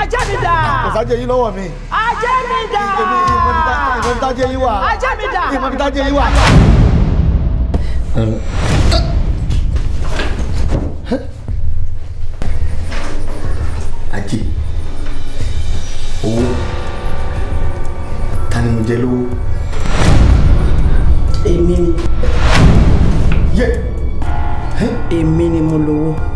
ajé mi dà. kò sájé lọ́wọ́ mi. ajé mi dà. èmi ìmọ̀bítájé yìí wà. ajé mi dà. ìmọ̀bítájé yìí wà. ajé owó ta mo jẹ lówó. èmi ni. E mene molo।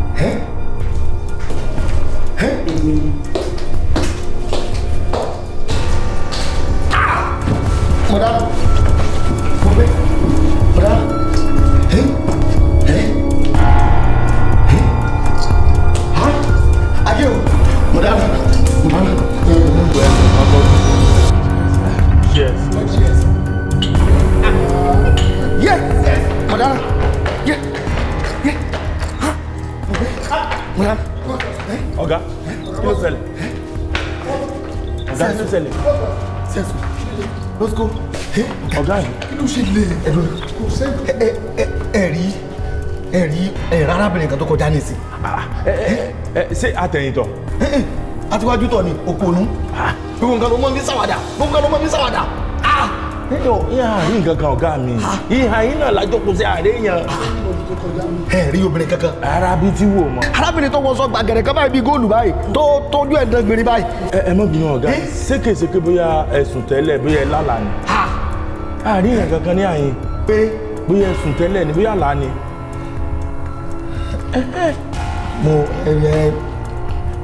ṣẹlẹ̀ ọ̀gá ẹ̀ ló ṣẹlẹ̀ lọ́sọ̀kọ́ ọ̀gá ẹ̀ kí ló ṣe lè ẹ̀dùn ẹ̀rí ẹ̀rí ẹ̀rọ arábìnrin kan tó kọjá nísìn. ṣé àtẹ̀yìntọ̀. àtiwájú tọ̀ ni òpònú gbogbo nǹkan ló mọ́ bí ṣàwàdà gbogbo nǹkan ló mọ́ bí ṣàwàdà nítorí ìhà yìí nǹkan kan ọ̀gá mi ìhà yìí náà lájọpọ̀ sí àárẹ̀ yẹn ẹ rí obìnrin kankan. arábí tí wò mọ. arábìnrin tó wọ sọ gbàgẹ̀rẹ̀ kan báyìí bíi góòlù báyìí tó tójú ẹ̀ dán gbèrè báyìí. ẹ ẹ mọ bínú ọgá sékèsékè bóyá ẹsùn tẹ́lẹ̀ bóyá ẹ lálà ni. àárín yẹn kankan ní àyìn pé bóyá ẹsùn tẹ́lẹ̀ ni bóyá àlá ni. mo ẹ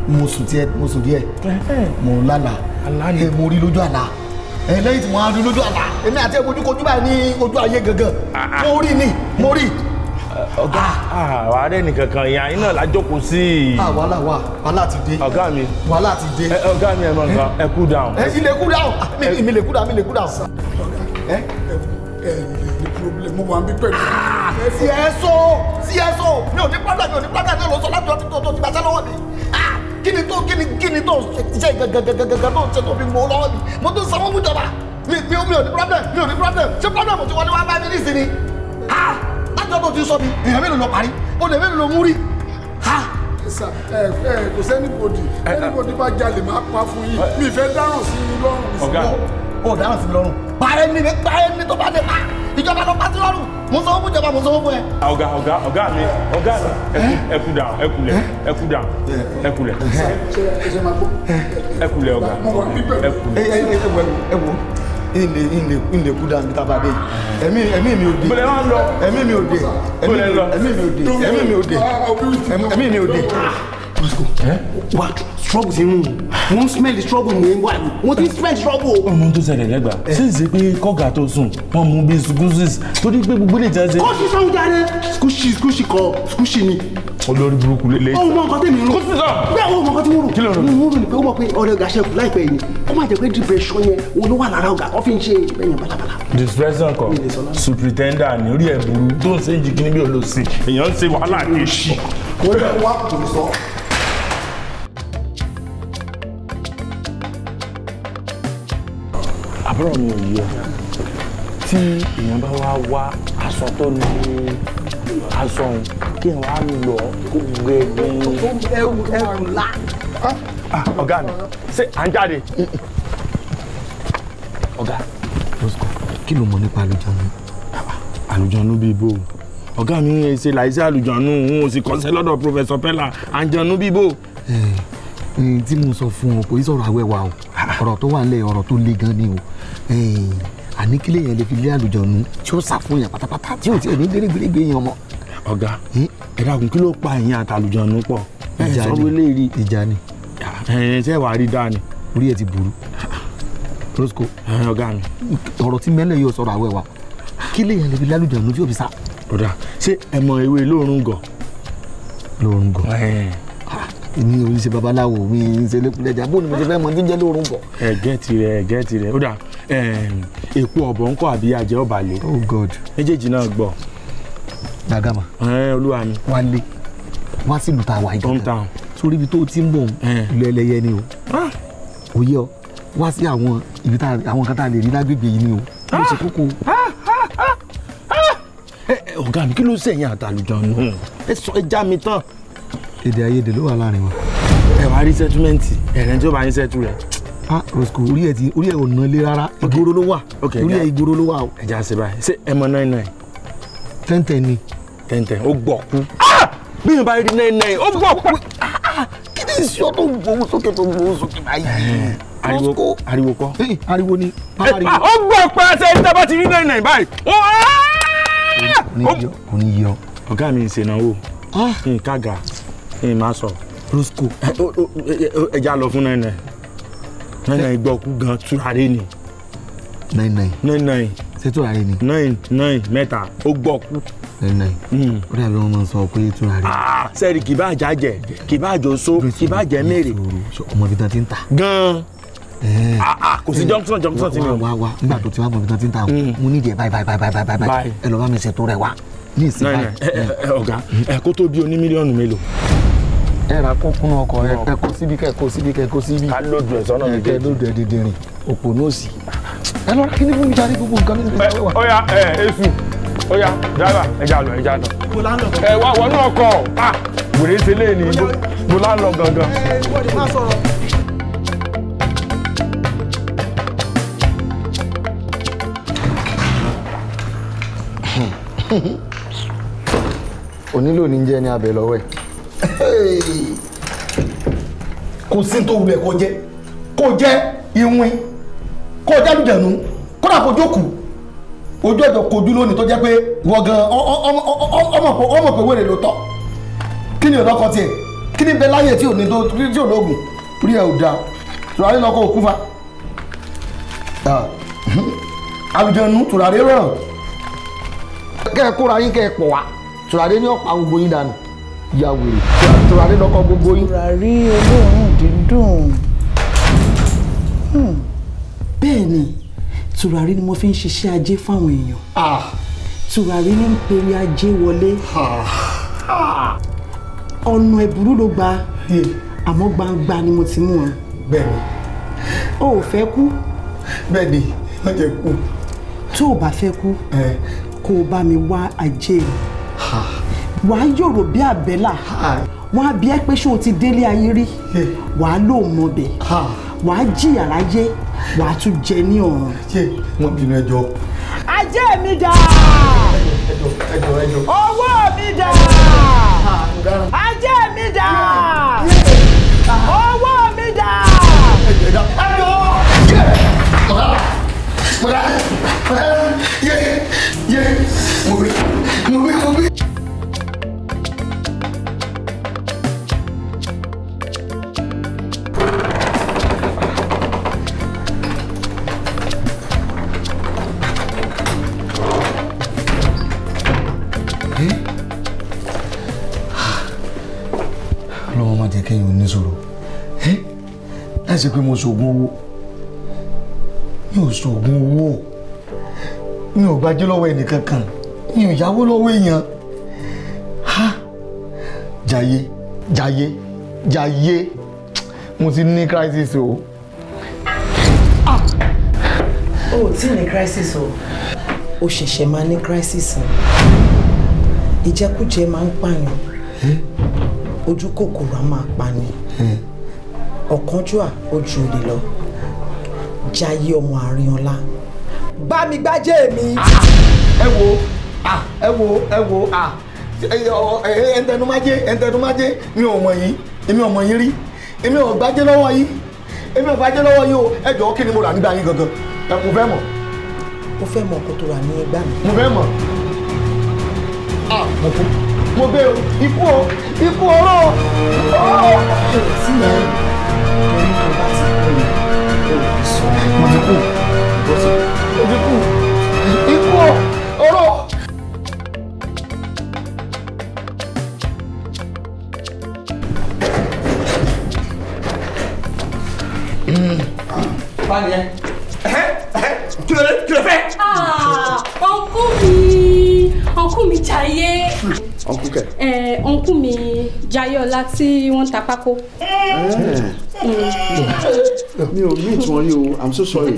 mo sùn díẹ̀ mo sùn díẹ̀ mo lálà mo rí lójú àlá lẹ́yìn tí mo á rí lójú àlá èmi àti ẹ̀ mojú kojú báyìí ní ojú ayé gangan ah, ah. mo rí ni mo rí ọ̀gá. Ah, àwa rẹ̀ nìkan kan ìyá yín náà la jókòó sí i. àwa là wà wàhálà ti dé. ọ̀gá mi wàhálà ti dé. Eh, ọ̀gá mi ẹ mọ nǹkan ẹ cool down. Eh, ilé cool down ah, eh. mi lè cool down mi lè cool down. ọ̀gá ẹ ẹ ní problem wa mi pẹ̀lú. Ah, sí ẹ so sí ẹ so mi ò ní pátá mi ò ní pátá mi ò lọ sọ láti ọtí tó tó ti bàtà lọ́wọ́ mi kí ni tó kí ni kí ni tó ṣe gàgàgàgàgà tó ṣe tó fi mọ́ lọ́wọ́ mi mo tó sanwó fún ìjọba mi mi ò ní problem mi ò ní problem ṣé problem ò ti wọlé wá bá mi nísìnyí látọ̀ tó ti sọ mi èèyàn mélòó lọ parí olè mélòó lọ mú rí ha. ẹ ẹ kò sẹ́nibodì ẹnibodì bá jalè máa pa fún yín mi fẹ́ dáràn sí i lọ́rùn. ọ̀gá ò dáràn sí i lọ́rùn parẹ́ mi parẹ́ mi tó bá lè pa ìjọba lọ pa sí lọ́rùn mo sọ fún ìjọba mo sọ fún ẹ. ọ̀gá ọ̀gá ọ̀gá mi ọ̀gá mi ẹkú dà ẹkúlẹ̀ ẹkú dà ẹkúlẹ̀ ẹkúlẹ̀ ọ̀gá ẹkúlẹ̀. ẹ ẹ ẹ wọ ẹ wọ ilé ilé ilé kú dànù tá a bá mi ò dé ẹ̀mí mi ò dé ẹ̀mí mi ò dé ẹ̀mí mi ò dé ẹ̀mí mi ò dé trouble ti ń mú wọn smell trouble mò ń wá mo ti smell trouble. ọmọ tó ṣẹlẹ̀ lẹ́gbà eh. ṣèṣe pé kọ́gà tó sùn wọ́n mú bí skúsìs torí pé gbogbo lè jẹ́ ṣe. kó sì sọ̀rọ̀ jáde skúsì skúsì kọ skúsì ni. olórí burúkú lélẹ̀. ọmọ mọ nǹkan tẹ̀mí rò. kó sì sọ. bẹ́ẹ̀ o mọ nǹkan tí mo rò. kí ló rò. mo rò ní pé ó mọ̀ pé ọ̀rẹ́ ọ̀gá ṣẹ́kù láìpẹ́ yìí kó má jẹ́ pé depression yẹn òun ló wà lára ọ̀gá ó fi ń ṣe ìbẹ̀yẹn balabala. depression kọ supritender ní orí burú tó ń ṣe jìkínní bí olóòsì èèyàn ń ṣe wàhálà ní èṣì. wọ́n wá kò sọ. àbúrò mi ò yẹ tí èèyàn bá wá wá aṣọ tó ní aṣọ òun kí èèyàn wá lọ kó gbé e ní. ẹrù ẹrù ńlá. Ah, ah, ọ̀gá mi ṣé à ń jáde. ọ̀gá Roscoe kí ló mọ̀ nípa àlùjànnú. àlùjànnú bíi bó o ọ̀gá mi ń ṣe láìsí àlùjànnú òun ò sì kọ́ṣẹ́ lọ́dọ̀ Professor Pella àlùjànnú bíi bó o eh, tí mo sọ fún ọ kò í sọ̀rọ̀ àwẹ̀wà o ah, ọ̀rọ̀ tó wà nílẹ̀ ọ̀rọ̀ tó le gan ni o àníkílẹ̀ yẹn lè fi lé àlùjọ̀nù tí ó sà fún yàn pátápátá tí ò tí èmi gbérégbé yẹn ọmọ. ọ̀gá ẹ̀dá kún kí ló pa ẹ̀yìn àtàlùjọ̀nù pọ̀ ìjà ni ẹ̀yìn tẹ́ wàá rí dáa ni. orí ẹ̀ ti burú rosco ọ̀gá mi. ọ̀rọ̀ tí mẹ́lẹ̀ yóò sọ̀rọ̀ àwẹ̀ wa kílẹ̀ yẹn lè fi lé àlùjọ̀nù tí ò fi sá. ọ̀dà ṣé ẹ mọ ewé lóorùn gọ̀. lóorùn gọ̀ èmi ò ní ṣe babaláwo mi ń ṣe lẹ́kùlẹ́jà bó ni mo ṣe fẹ́ mọ ní lóorun bọ̀. ẹ̀gẹ́ tirẹ̀ ẹ̀gẹ́ tirẹ̀ ó dà èpo ọ̀bọ̀ ń kọ́ àbí ajẹ́ ọ̀bàlẹ̀. oh god. méjèèjì náà gbọ́. Dagama. ẹ olúwa mi. wálé wá sílùú tá a wà ìgbà kan sórí ibi tó ti ń bọ̀ ìlú ẹlẹ́yẹ ni o òye ọ wá sí àwọn ibi tá àwọn kan tá a lè rí lágbègbè yìí ni o ó ṣe kókó. ọ̀gá mi kí ló ṣèyàn àtàlùjọ nù hmm. ẹ sọ ẹ já mi tán èdè àìyedè ló wà láàrin wa. ẹ wá rí sẹtúmẹǹtì ẹ̀rẹ́ tí ó bá yín sẹ́tù rẹ̀. a rosco orí ẹ ti orí ẹ ò ná lé rárá ìgboro ló wà orí ẹ ìgboro ló wà o. ẹ já sí báyìí ṣé ẹ mọ náírà náírà. tẹ́ntẹ́n ni. tẹ́ntẹ́n ó gbọ̀ kú. Ah! bí mi bá rí náírà náírà ó gbọ̀ kú. Ah! kí ni ìṣó tó gbowó sókè tó gbowó sókè báyìí. ariwo ariwo kọ. ariwo ni. ó gbọ̀ pẹ́ẹ́sẹ̀ ní tábà ti rí náírà náírà báyìí. Ah! kò ní yọ ọ̀gá mi ń ṣe náwó nǹkan ga kí ni máa sọ. rosco. ẹja e, e, lọ fún nine nine nine nine gbọ́ kú gan túraré ni. nine nine. nine nine. ṣé túraré ni. nine nine mẹ́ta ó gbọ́ kú nine nine. Hmm. ó dàbí wọn máa ń sọ pé túraré. Ah, sẹ́ẹ̀rì kì bá àjà jẹ kì bá àjò so kì bá jẹ mèrè. ọmọ ibi tán ti ń ta. gan-an eh. ah, ah, kò sí eh. junction junction ti mi o. wá wá nígbà tó ti wá mọ ibi tán ti ń ta o hmm. mo ní ìdí ẹ báyìí báyìí báyìí báyìí báyìí ẹ lọ bá mi ṣètò rẹ wá ní ìsìn báyìí. Eh, ọ̀gá kó tó bí oní mílíọ̀nù mélòó. ẹ ra kó ẹkọ ọkọ kó síbi kẹ kó síbi kẹ kó síbi. ká lójú ẹ sọnà mi dé lójú ẹ dèdè rìn òpó náà sì. ẹ lọ kí ni fún mi jáde gbogbo nǹkan nínú ìgbésẹ̀ wà. ọya ẹ èsù ọya dára lọ lọ. ẹ wá wọnú ọkọ ah, wèrè ṣe mo lá lọ gangan. ní abẹ kò sí tó wulẹ̀ kó jẹ́ kó jẹ́ iwin kó jálùjẹ̀nu kódà kó jókòó ojú ọ̀dọ̀ kojú lónìí tó jẹ́ pé wọ́n gan ọmọ pé wèrè ló tọ́ kí ni ọ̀dọ́kọ tiẹ̀ kí ni bẹ láyè tí ò ní tó tí ò lóògùn rí ẹ ò dáa tùràrí lọ́kọ̀ òkú fa àlùjẹ̀nu tùràrí rọrùn kẹ́ ẹ kóra yín kẹ́ ẹ pọ̀ wá tùràrí ní ọ̀pá gbogbo yín dànù ya wèrè tùràrí lọ́kọ́ gbogbo yín. tùràrí olóòórùn dídùn. Hmm. bẹ́ẹ̀ ni tùràrí ni mo fi ń ṣiṣẹ́ ajé fáwọn èèyàn tùràrí ní ń pèrè ajé wọlé ọ̀nà ẹ̀bùrú ló gba àmọ́ gbangba ni mo ti mú wọn. bẹ́ẹ̀ni. o ò fẹ́ kú. bẹ́ẹ̀ni má jẹ́ kú. tó o bá fẹ́ kú kó o bá mi wá ajé mi wàá yòrò bí àbẹ́là wàá bí ẹ pé ṣé o ti délé ayé rí wàá lò mọ bẹ wàá jìyà láyé wàá tún jẹ ní ọ̀run. wọn bínú ẹjọ́. ajé mi dà owó mi dà ajé mi dà owó mi dà. Yeah, yeah, yeah, move it, Eh? ọlọ́wọ́ má jẹ́ kẹ́yìn oníṣòro eh? láì ṣe pé mo ṣoògùn owó mi ò ṣoògùn owó mi ò gbájú lọ́wọ́ ẹnìkankan mi ò yáwó lọ́wọ́ èèyàn jayé jayé jayé mo ti ní crisis o. Ah! o ò tí ní crisis o o ṣẹ̀ṣẹ̀ máa ní crisis o ìjẹkújẹ máa ń pààyàn ojú kòkòrò á máa pani ọ̀kánjúà ojú òde lọ jayé ọmọ àárín ọlá bá mi gbájé mi. Ah! Ah, ẹ wo ẹ wo ah. ẹ wo ẹntẹnumájé ẹntẹnumájé mi ò mọ̀ yín èmi ò mọ̀ yín rí èmi ò gbájé lọ́wọ́ yín èmi ò gbájé lọ́wọ́ yín o ẹ jọ̀ọ́ kí ni mo rà nígbà yín gangan ẹ kò fẹ́ mọ̀. o, fẹ́ mọ̀ kó tó rà ní ẹgbàá mi. mo fẹ́ mọ̀ mo kú mo gbé o ikú o ikú oró o. ṣé o ti yẹn torí tó bá ti kú mi o kò sọ mo ti kú mo ti kú ikú o oró. Báyìí. ọ̀nkú mi jayé ọ̀nkú kẹ. ẹ ọ̀nkú mi jayé ọlá tí wọ́n ń ta pákó. Eh. Mm mi ò mí ìtumọ̀ rí o i'm so sorry.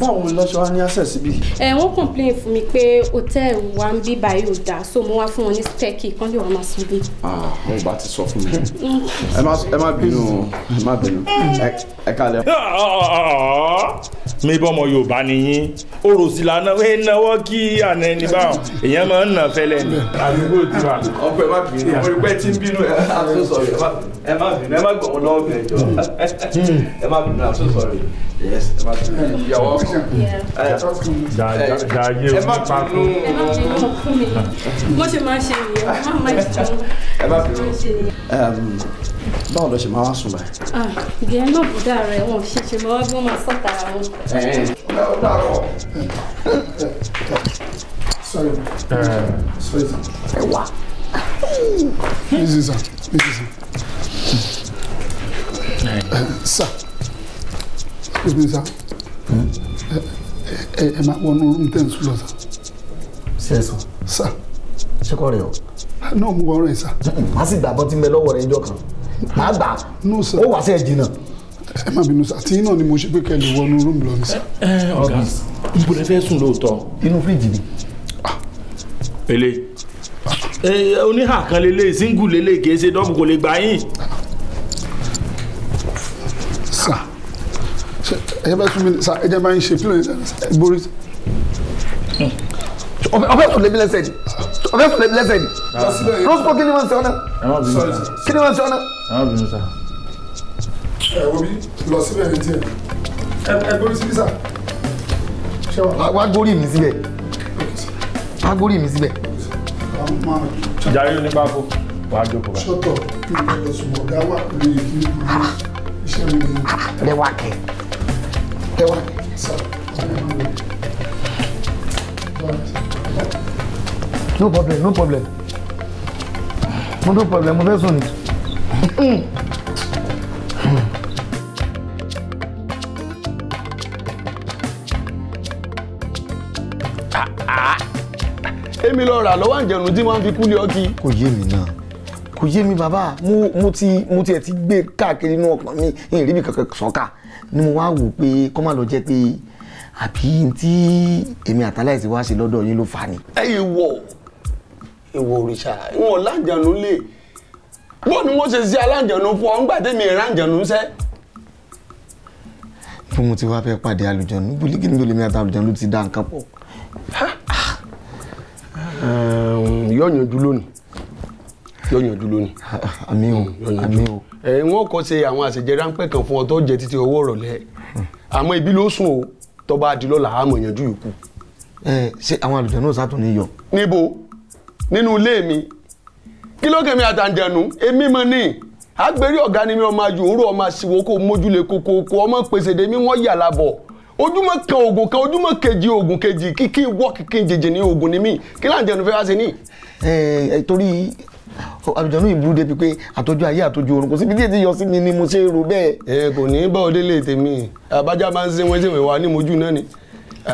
báwo lọ ṣe wá ní access bí. ẹ wọ́n complain fún mi pé hotel wa ń bí báyìí ò dáa so mo wá fún wọn ní stẹ́ẹ̀kì kan lè ah, wọ́n máa sùn bí. mo bá ti sọ fún mi mm. ẹ má bínú ẹ má bínú ẹ kálẹ̀. Ah, ah, mi bọ́ ọmọ Yorùbá ni yín oròsìlà náà ẹ náwó kí àná ẹni bá wọn èèyàn máa ń nà fẹlẹ ni. àdúgbò ti wà. ọkọ ẹ má bínú ọmọ ìpẹ́ tí ń bínú ẹ má bínú ẹ má gbọ̀n lọ́wọ́ bẹ̀ẹ́ jọ ẹ má bínú i'm so sorry yes ẹ má bínú ìyàwó ọkọ ẹ má bínú mo ṣe máa ṣe nìyẹn má má jẹun ẹ má bínú báwo ló ṣe máa wá sùn báyìí. Ah, ìgbẹ́ náà bù sà lóbi sà ẹ ẹ máa wọnú orun tẹ̀ ń sùn lọ sà. sẹ́sọ̀. sà. ṣẹ́kọ̀ rẹ̀ o. náà mú ọ̀rọ̀ ẹ̀ sà. má sì gbàgbọ́ tí ń bẹ lọ́wọ́ rẹ̀ ẹjọ́ kan má gbà ó wà sí ẹ̀ jìnnà. ẹ má bínú sà tí náà ni mo ṣe pé kẹ́ ẹ lè wọnú orun lọ ní sà. Eh, eh, ọ̀gá ibo lẹ fẹ́ sùn lóòótọ́. inú fíríjì ni. pẹ̀lẹ́ ah. eh, oníhà kan lélẹ̀ single lélẹ̀ kì í ṣe dọ́bù kò lè gbà yín. ẹ̀yẹ́ bá tún mi sa ẹ̀jẹ̀ bá ń ṣe fílẹ̀ borí. ọfẹ sọlẹ bi lẹsẹ ni ọfẹ sọlẹ bi lẹsẹ ni rọsùpọ kí ni wọn sọ náà kí ni wọn sọ náà. ẹ wo bí lọ síbẹ̀ ní tiẹ̀ ẹ borí síbí sá. wá gorí mi síbẹ̀ wá gorí mi síbẹ̀. jàre nípa fún wàá jókòó báyìí. sọ́tọ̀ kí n lọ sùn ọ̀gá wà lórí ìlú iṣẹ́ mi. rẹwà kẹ ẹ wá no problem no problem no problem mo fẹ́ sùn ni. èmi lọ rà lọ́wọ́ àjẹrùn tí wọ́n fi kú lé ọkì. kò yé mi náà kò yé mi bàbá mo ti mo tiẹ̀ ti gbé káàkiri inú ọkàn mi ìrìbì kankan sọ́ka ni mo wá wò pé kọ́ má lọ jẹ́ pé àbí tí èmi àtàláìsí wá ṣe lọ́dọ̀ yín ló fà ni. ẹ yìí wọ ìwọ òrìṣà ìwọ lájànú lè bó ni mo ṣe ṣe alájànú fún ọ ńgbà tẹ́mi ìrànjànú sẹ́. bí mo ti wá fẹ́ pàdé àlùjànú bùlíkì níbi olèmi àti àlùjànú ti dá nǹkan pọ̀. yọ̀yàn dúró ni yọ̀yàn àmì o àmì o ẹ wọn kò ṣe àwọn àṣejẹ ráńpẹ́ kan fún ọ tó jẹ títí owó rọ̀lẹ́ àmọ́ ibi ló sùn o tọba adilọ́la àmọ̀ yanjú yòókù. ẹ ṣé àwọn àlùjọ náà sátún ní yọ. níbo nínú ilé mi kí ló kẹ́mi àtàǹjẹ̀nu èmi mọ̀ ní àgbèrè ọ̀gá ni mi ọmọ ayò òwúrọ̀ ọmọ àṣìwò kò mójúlé kokoko ọmọ pèsèdè mi wọ́n yà lábọ̀ ojúmọ́ kan oògùn kan ojúmọ́ kejì oògùn kejì kíkí wọ́ kíkí jèjì ní oògùn ni mí kí láǹjẹ̀nu fẹ́ wá sí ní. ẹ ẹ torí àlùjọ̀nnú ìburú débi pé àtọ́jú ayé àtọ́jú ọ̀run kò síbi díẹ̀ tí yọ sí mi ni mo ṣe rò bẹ́ẹ̀. ẹ kò ní bá òde lè tèmi àbájá máa ń ṣe wọn ṣèwé wa ní mojú náà ni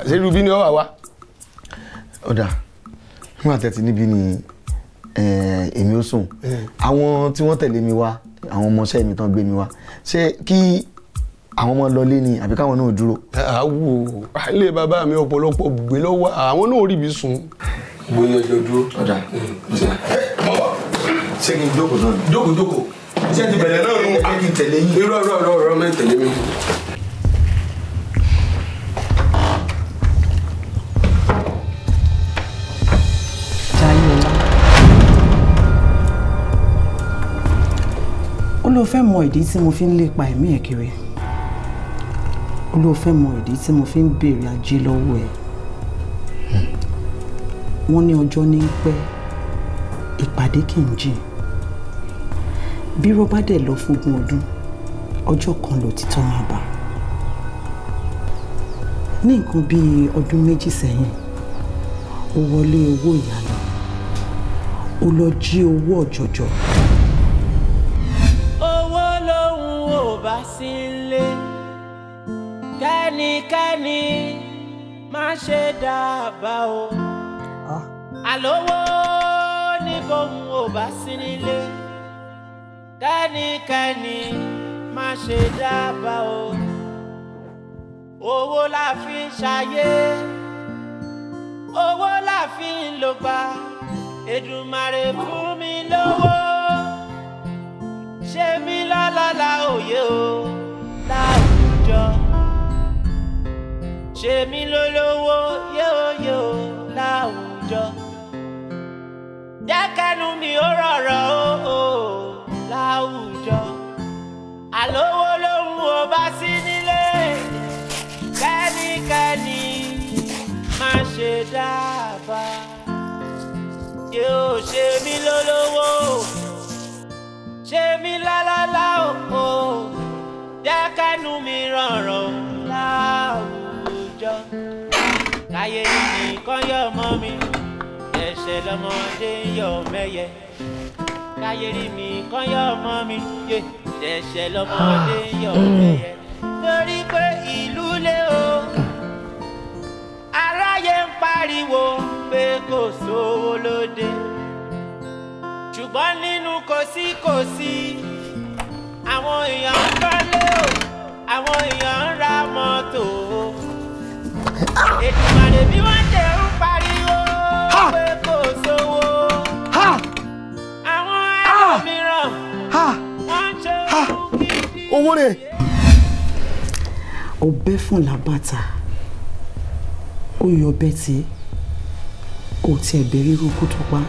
ṣerú bí ni ọ wà wá. ọ̀dà nígbà tẹ̀tí níbí ni èmi ó sùn àwọn tí wọ́n tẹ̀lé mi wá àwọn ọmọọṣẹ́ mi tán gbé mi wá ṣé kí àwọn ọmọ lọlé ni àbí káwọn náà dúró. àwò ilé bàbá mi ọ̀pọ̀lọpọ̀ gbé lọ́wọ́ àwọn náà rí mi sùn. bóyá ọjọ́ dúró ọ̀dà ọ̀dà ṣé kí n jókòó náà ni. jókòó jókòó ṣé ti bẹ̀rẹ̀ náà nù. a kì í tẹ̀lé yín. irọ́ irọ́ irọ́ irọ́ mẹ́rin tẹ̀lé mi. olóò fẹ́ mọ ìdí tí mo fi ń lépa ẹ̀mí ẹ̀ kiri olóò fẹ́ mọ ìdí tí mo fi ń béèrè ajé lọ́wọ́ ẹ̀ wọ́n ní ọjọ́ ní pẹ́ ìpàdé kì í jìn bírọ́ bá dẹ̀ lọ fógún ọdún ọjọ́ kan lòtítọ́ máa bá ní nǹkan bíi ọdún méjì sẹ́yìn ó wọlé owó ìyàlọ́ ó lọ jí owó ọ̀jọ̀jọ̀. owó lòun ò bá sí ilé kẹ́nikẹ́ni má ṣe dábàá o ah. àlówó ní bòun ò bá sí nílé kẹ́nikẹ́ni má ṣe dábàá o owó la fi ń ṣayé owó la fi ń lògbà Èdùmàrè fún mi lówó ṣe mí lálálá òye o láwùjọ ṣe mí lólówó yóòyó láwùjọ jẹ́ kẹ́nu mi ó rọ̀rọ̀ o. o láwùjọ àlówó lóhùn ò bá sí nílé kẹ́nikẹ́ni má ṣe dábàá yóò ṣe mí lólówó ṣe mí lálálá òkò jẹ́ kẹ́nu mi rọrùn láwùjọ káyé nìkan yọ̀ mọ́ mi ẹ̀ṣẹ̀ lọ́mọdé yọ̀ mẹ́yẹ káyé mi kán yọ ọmọ mi yé ṣẹ̀ṣẹ̀ lọ́mọdé ah, yọ ẹyẹ mm. torí pé ìlú lé o aráyé ń pariwo pé kò sówó lóde ṣùgbọ́n nínú kòsíkòsí àwọn èèyàn ń kọ́lé o àwọn èèyàn ń ra mọ́tò o ah. ètùmọ̀rẹ́ bí wọ́n. owó rẹ̀. ọbẹ̀ fún làbàtà ó yọ ọbẹ̀ tí ó ti ẹ̀bẹ̀ ríru kú tó pa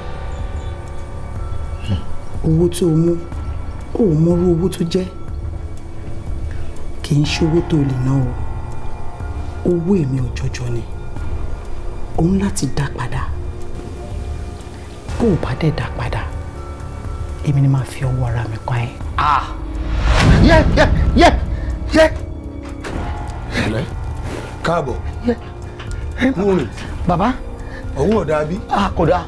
owó tó o mú ó mọ́rú owó tó jẹ́ kì í ṣe owó tó o lè ná o owó èmi òjòjò ni òun láti dá padà bó o bá dẹ̀ dá padà èmi ni màá fi ọwọ́ ara mi pa ẹ́. ah yẹ yẹ yẹ yẹ. ẹ̀lẹ́ káàbọ̀ mú rìn. bàbá. ọ̀hún ọ̀dà bí. a kò dáa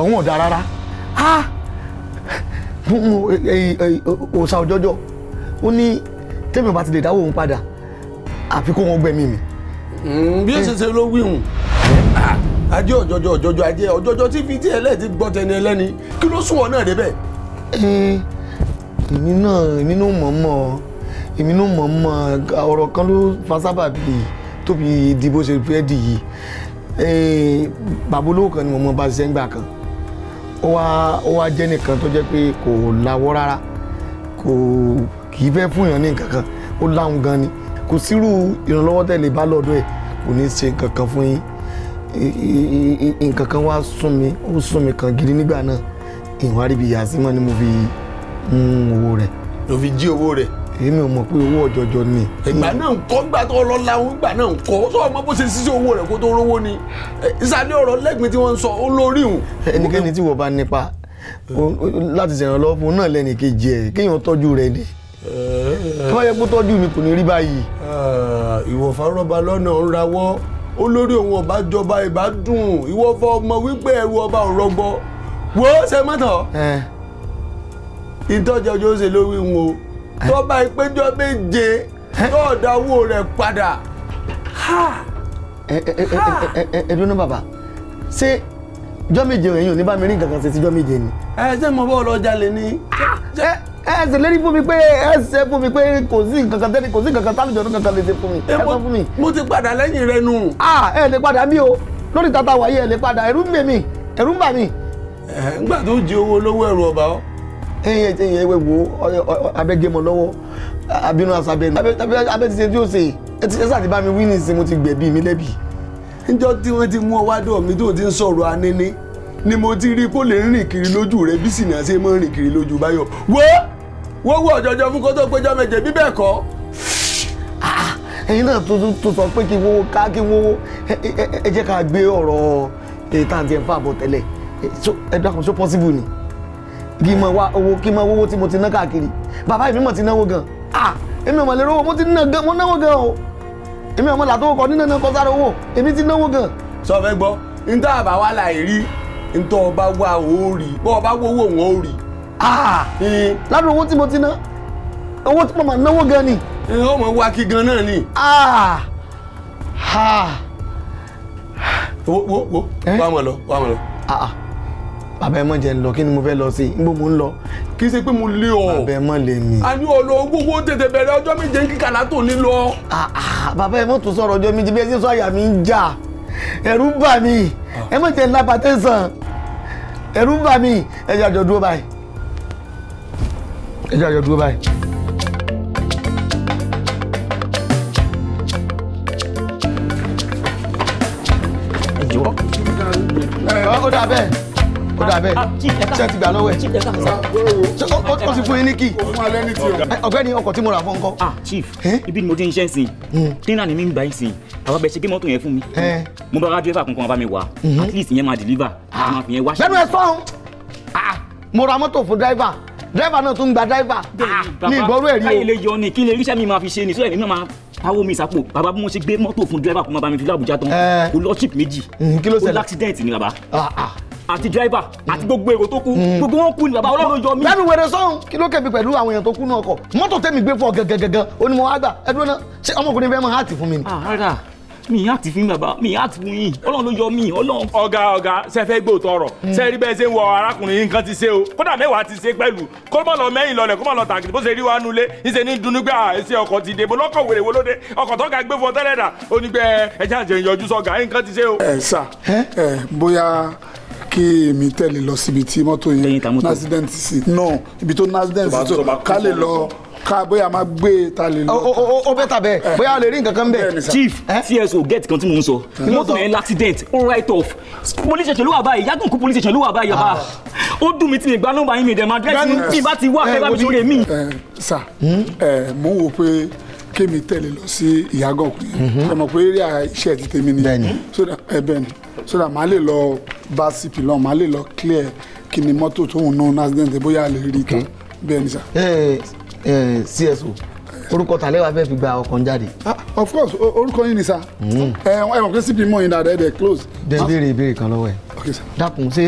ọ̀hún ọ̀dà rárá e, e, e, òòsà òjọ́jọ́ ó ní tẹ́mi bá ti lè dáwọ́ òun padà àfikún wọn gbẹ̀mí mi. Mm, bí ó ṣe ṣe ló wí hùn ajé ọjọjọ ọjọjọ ajé ọjọjọ tí fi tí ẹlẹ́ẹ̀ ti gbọ́ tẹni ẹlẹ́ni kí ló sún ọ náà débẹ̀ èmi náà èmi náà mọ̀ mọ̀ èmi náà mọ̀ mọ̀ ọ̀rọ̀ kan ló fa sábàbí tóbi di bó ṣe fẹ́ dì yìí bàbá olówó kan ni mo mọ bá ṣiṣẹ́ ń gbà kan ó wá ó wá jẹ́ nìkan tó jẹ́ pé kò lawọ́ rárá kò kì í fẹ́ fún èèyàn ní nǹkan kan ó láwọn gan ni kò sírú ìrànlọ́wọ́ tẹ̀lé bá lọ́dọ̀ ẹ̀ kò ní ṣe nǹkan fún yín nǹkan kan wá sún mi ó sún mi kan gidi nígbà náà ìwárí bíi yàsímọ́ ni mo fi owó rẹ̀. ló fi jí owó rẹ̀. èmi ò mọ̀ pé owó ọ̀jọ̀jọ̀ ni. ìgbà náà ń kọ́ gbà tó lọ làwọn ìgbà náà ń kọ́ sọ ọmọ bó ṣe ṣiṣẹ́ owó rẹ̀ kó tó rówó ni ìsàlẹ̀ ọ̀rọ̀ lẹ́gbẹ̀ẹ́ tí wọ́n ń sọ ó lórí òun. ẹnikẹ́ni tí wọ́n bá nípa láti ṣèrànlọ́wọ́ fún náà lẹ́nì kejì ẹ̀ kéèyàn tọ́jú rẹ̀ ni tó yẹ tọ́jú ni kò ní rí báyìí. ìwọ̀fà wo ṣe mọ́tọ̀ ìtọ́jà ojú ó ṣe lórí wọn o tó bá ìpéjọ méje yóò dá owó rẹ̀ padà. ẹdùnú bàbá ṣé jọ́ méje ẹ̀yin ò ní bá mi rí nǹkan kan ṣe sí jọ́ méje ni. ẹ ṣé mo bọ́ ọ lọ jalè ni ẹ ṣe lérí fún mi pé ẹ ṣe fún mi pé kò sí nǹkan kan tẹ́lẹ̀ kò sí nǹkan kan táwọn ìjọba kankan lè ṣe fún mi ẹ sọ fún mi. mo ti padà lẹ́yìn rẹ nù. a ẹ lè padà mí o lórí tata wàyí ẹ lè padà ẹ̀rù ń bè mí ẹ̀rù ń bà mí. ẹ ńgbà tó jí owó lọ́wọ́ ẹ̀rù ọba ọ ẹyìn ẹyìn ẹwẹ wo oh, oh, oh, abẹ́gẹ́mọ lọ́wọ́ abínú asabẹ́nu abẹ́ ti ṣe tí ó ṣe ẹ ti ṣe sàtìbá mi wí nìsín mo ti gbẹ̀bí mi lẹ́bi. níjọ́ tí wọ́n ti mú ọ wá dọ̀ mi tó ti ń sọ̀rọ̀ anéné ni mo ti rí kó lè rìn kiri lójú rẹ bí sìnà ṣe mọ́ rìn kiri lójú báyọ̀ wo wo wo ọ̀jọ̀jọ̀ fún kó tó péjọ méje bí bẹ́ẹ̀ kọ́. Ah, ah, ẹ̀yin náà tó sọ pé kí wọ́wọ́ ká kí wọ́wọ́ ẹ jẹ́ ká gbé ọ̀rọ̀ eh, tàǹtì ẹ̀fà bọ̀ tẹ́lẹ̀ eh, ẹ dákun ṣó possible ni kí n mọ wá owó kí n mọ owó tí mo ti ná káàkiri bàbá mi mọ̀ ti náwó gan ah èmi ọmọ lérò owó mo ti ná gan mo náwó gan o èmi ọmọ làtọ́wọ́ kọ nínú náà kọ sára owó èmi ti náwó gan. sọ fẹ́ gbọ́ níta àbá wa là ń rí níta ọba wa ò rí bọ́ ọba wo owó wọn ò rí. ládùn owó tí mo ti ná owó tí mo máa náwó gan ni. ó mọ̀ wá kí gan náà ni. wo wo wo wàá mọ̀ lọ wàá mọ̀ lọ bàbá ẹ mọ̀ jẹ́ ń lọ kí ni mo fẹ́ lọ sí i níbo mo ń lọ. kì í ṣe pé mo lé ọ. bàbá ẹ mọ̀ lè mi. a ní ọ̀rọ̀ owó tètè bẹ̀rẹ̀ ọjọ́ méje kíkàlà tó ní lọ. Ah, ah, bàbá ẹ mọ̀ tó sọ̀rọ̀ ọjọ́ méje bí ẹ ṣe sọ àyà mi ń jà ẹ̀rù ń bà mí ah. ẹ mọ̀ jẹ́ ń lába tẹ̀sán ẹ̀rù ń bà mí ẹ jẹ́ àjọ dúró báyìí. ẹ jẹ́ àjọ dúró báyìí. ìjọ. dà bẹ́ẹ̀ ó dà bẹ́ẹ̀ ṣé ti gbà lọ́wọ́ ẹ̀ ó ti fún yín ní kì í ọ̀gbẹ́ni ọkọ̀ tí mo rà fún ńkọ́. Ah, chief ibi ni mo ti ń hmm. ṣe ń sìn tínà ni mi ń gbà ń sìn àwọn abẹ ṣe gé mọ́tò yẹn fún mi mo bá wá dírẹ́fà kankan bá mi wà hmm. at least yẹn máa deliver àwọn ah. àfihàn wá ṣe. lẹ́nu ẹ̀ sọ́hún ah, mo ra mọ́tò fún driver driver náà tún gba driver ní ìgbọ́rú ẹ̀rí o. káyọ̀ lè yọ ni kí lè ríṣẹ́ mi máa fi ṣe ni sóyè mi náà máa pawó mi sápò bàbá bí mo ṣe gbé mọ́tò fún driver kó máa bá mi fi lábùjá tán kò eh. lọ chip méjì hmm, kí ló ṣẹlẹ̀ ó l'accident ni bàbá àti dírẹ́bà àti gbogbo èrò tó kú mm. gbogbo wọn kú ni bàbá ọlọ́run yọ mí. lẹ́nu wẹ̀rẹ̀ sọ́hún kí ló kẹ́bi pẹ̀lú àwọn èèyàn tó kú náà kọ̀ mọ́tò tẹ́mi gbé fún ọ gẹ́gẹ́gẹ́gẹ́ onímọ̀ àgbà ẹ̀dúró náà ṣé ọmọkùnrin bẹ́ẹ̀ máa hàtì fún mi ni. rárá mi yàn àti fún bàbá mi yàn àti fún yín ọlọ́run ló yọ mí ọlọ́run. ọ̀gá ọ̀gá ṣe fẹ́ gbọ́ tọrọ mm. ṣe rí bẹ́ẹ̀ ṣe ń wọ arákùnrin yìí nǹkan ti ṣe o kódà mẹ́wàá ti ṣe pẹ̀lú kó mọ̀ lọ mẹ́yìn lọlẹ̀ kó mọ̀ lọ tàkìtì bó ṣe rí wa nulẹ̀ ìṣe ní dunúgbà ẹ̀ṣẹ̀ ọkọ̀ ti dèbò lọ́kọ̀ wèrè wo lóde ọkọ̀ tó ga gbé fún tẹ́lẹ̀ dà onígbẹ́ ẹ̀jẹ̀ àjẹyànjú sọ̀gà nǹkan ti ṣe o. ẹ sà ẹ bóyá kí èmi tẹ̀lé lọ síbi tí mọ́tò yẹn nasident sí no ibi tó nasident sí tó ká lè lọ ká bóyá máa gbé ta lè lọ. ó bẹ́ ta bẹ́ẹ̀ eh. bóyá a lè rí nǹkan kan bẹ́ẹ̀. chief cso eh? get kan tí mò ń sọ eh. mọ́tò yẹn l'accident ó write off police station ló wà báyìí yàgùnkú police station ló wà báyìí yàrá ah. ó dùn mí tí mi gba nọ́mbà yín mi dẹ̀ máa dẹ́sí mi bá ti wá fẹ́ bá mi sórí mi. sà mo wò pé kémi tẹ̀lé lọ sí ìyàgàn ọkùnrin ẹ mọ̀ pé eré iṣẹ́ ti tèmi ni ẹbẹ̀ ni eh, so that màá lè lọ bá cp lọ màá lè lọ clear kí ni mọ́tò tó ń ná accident bóyá lè rí tán bẹ́ẹ̀ ni sà. Eh, eh, cso orúkọ tàlẹ́ wa bẹ́ẹ̀ fi gba ọkàn jáde. Ah, of course orúkọ yín ni sà hmm. ẹ mọ̀ pé cp mọ̀ yín dáadáa ẹ̀ dẹ̀ close. dẹ̀ ah. béèrè ìbéèrè kan lọ́wọ́ ẹ̀ dákun ṣé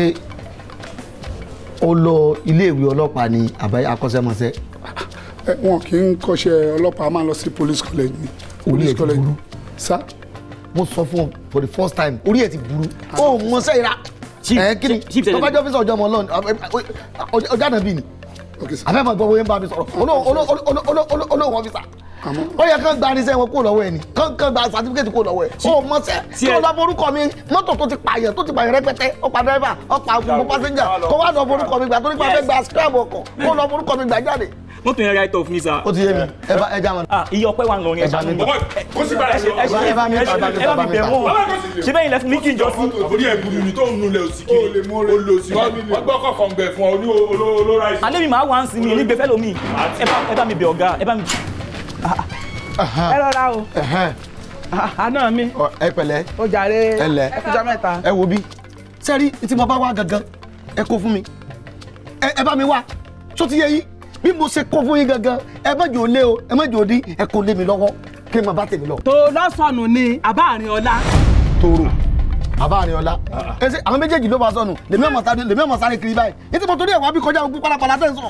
ó lọ iléèwé ọlọ́pàá ni àbáyé akọ́ṣẹ́mọṣẹ́. Ah, wọn kì í kọ́ṣẹ́ ọlọ́pàá máa lọ sí police college ni. police college sa. mo sọ fún ọ for the first time orí ẹ ti burú ó ah. mọ sẹ́yìn ra ẹ̀ kí ni tó bá jẹ́ ọ́fíìsì ọjọ́ ọmọ ọlọ́run ọjà náà bì ni àbẹ́ máa gbọ́ bóyá ń bá mi sọ̀rọ̀ olóhùn ọ́fíìsà ó yẹ kán gba irinṣẹ́ wọn kó lọ́wọ́ ẹ ni kán kán gba sàtífíkẹ́tì kó lọ́wọ́ ẹ ó mọ sẹ́ kí wọ́n lọ forúkọ mi mọ́tò tó ti pààyàn tó ti pààyàn rẹpẹtẹ ó pa dẹ́rẹ́bà ó pa gbogbo pásẹ́njà kó wá lọ forúkọ mi gbà torí pé a fẹ́ gba scrap ọkọ̀ kó lọ forúkọ mi gbà jáde mọ́tò yẹn right off ni sir. ó ti yé mi ẹ bá ẹ ah iye ọpẹ wa ń lọ ní ẹja mi bọ. kó sì bára ṣe ọba ẹ bá mi bẹ wọn. ẹ bá mi bẹ wọn. ṣé bẹ́ẹ̀ ni lẹ́fún mi kì í jọ sí. orí ẹ̀gbùn mi tó ń nu lẹ̀ òsì kiri olùsí wọ́n gbọ́ kọ̀ọ̀kan bẹ̀ fún ọ ní olóra ìsìn. alẹ́ mi máa wá ń sinmi ní gbẹfẹ́ lomi ẹ bá mi bẹ ọ̀gá ẹ bá mi. ẹ rọra o ah, àná mi. ẹ pẹ̀lẹ́ ó jàre ẹlẹ ẹ kújọ mẹ́ta. ẹ wo bí sẹ́rí tí mo bá wá gangan ẹ kó fún mi ẹ bá mi wá tó ti yẹ yìí bí mo ṣe kó fún yín gangan ẹ má jò lé o ẹ má jò dín ẹ kò lé mi lọ́wọ́ kí n máa bá tèmi lọ. tó lọ́sọ̀nù ni àbá àrin ọlá. tòrò àbá àrin ọlá ẹsẹ àwọn méjèèjì ló bá sọnù lèmi ọmọ sáré lèmi ọmọ sáré kiri báyìí ní tí mo torí ẹ̀wọ̀n abíkọjá ogun pálapàla tẹ̀ ń sọ.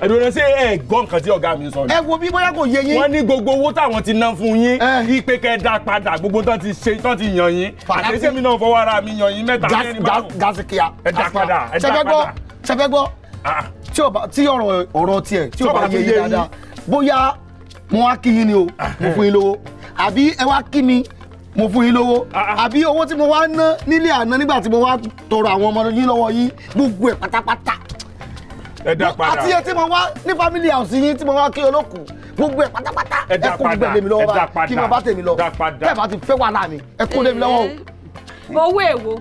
ẹ̀dùnrún ṣé ẹ gbọ́ nǹkan tí ọ̀gá mi sọ ni. ẹ wo bí bóyá kò yé yín. wọ́n ní gbogbo owó táwọn ti ná fún yín ipe kẹ́ padà gbogbo tán ti ṣe tán ti yàn yín àtẹ̀sẹ̀ mi náà fọwọ́ ara mi yàn yín mẹ́ta mẹ́rin márùn-ún. gàsíkìá ẹ dá padà ẹ dá padà ṣẹfẹ́ gbọ́ ah, ah tí ọba tí ọ̀rọ̀ ọ̀rọ̀ tiẹ̀ tí ọba yẹ yé dáadáa bóyá mo wá kí yín ni o mo fún yín lówó àbí ẹ wá kí mi mo fún yín lówó àbí owó tí mo wá ná nílé àná nígbà tí mo wá tọrọ àwọn ọmọ yín lọ́wọ́ yín gbogbo ẹ̀ pátápátá ẹ dá padà àti ẹ tí mo wá ní family house yín tí mo wá kí olókùn gbogbo ẹ pátápátá ẹ kó gbogbo èmi lọ́wọ́ báyìí kí n bá bá tèmi lọ bẹ́ẹ̀ bá ti fẹ́ wàhálà mi ẹ kó lèmi lọ́wọ́ o. owó èwo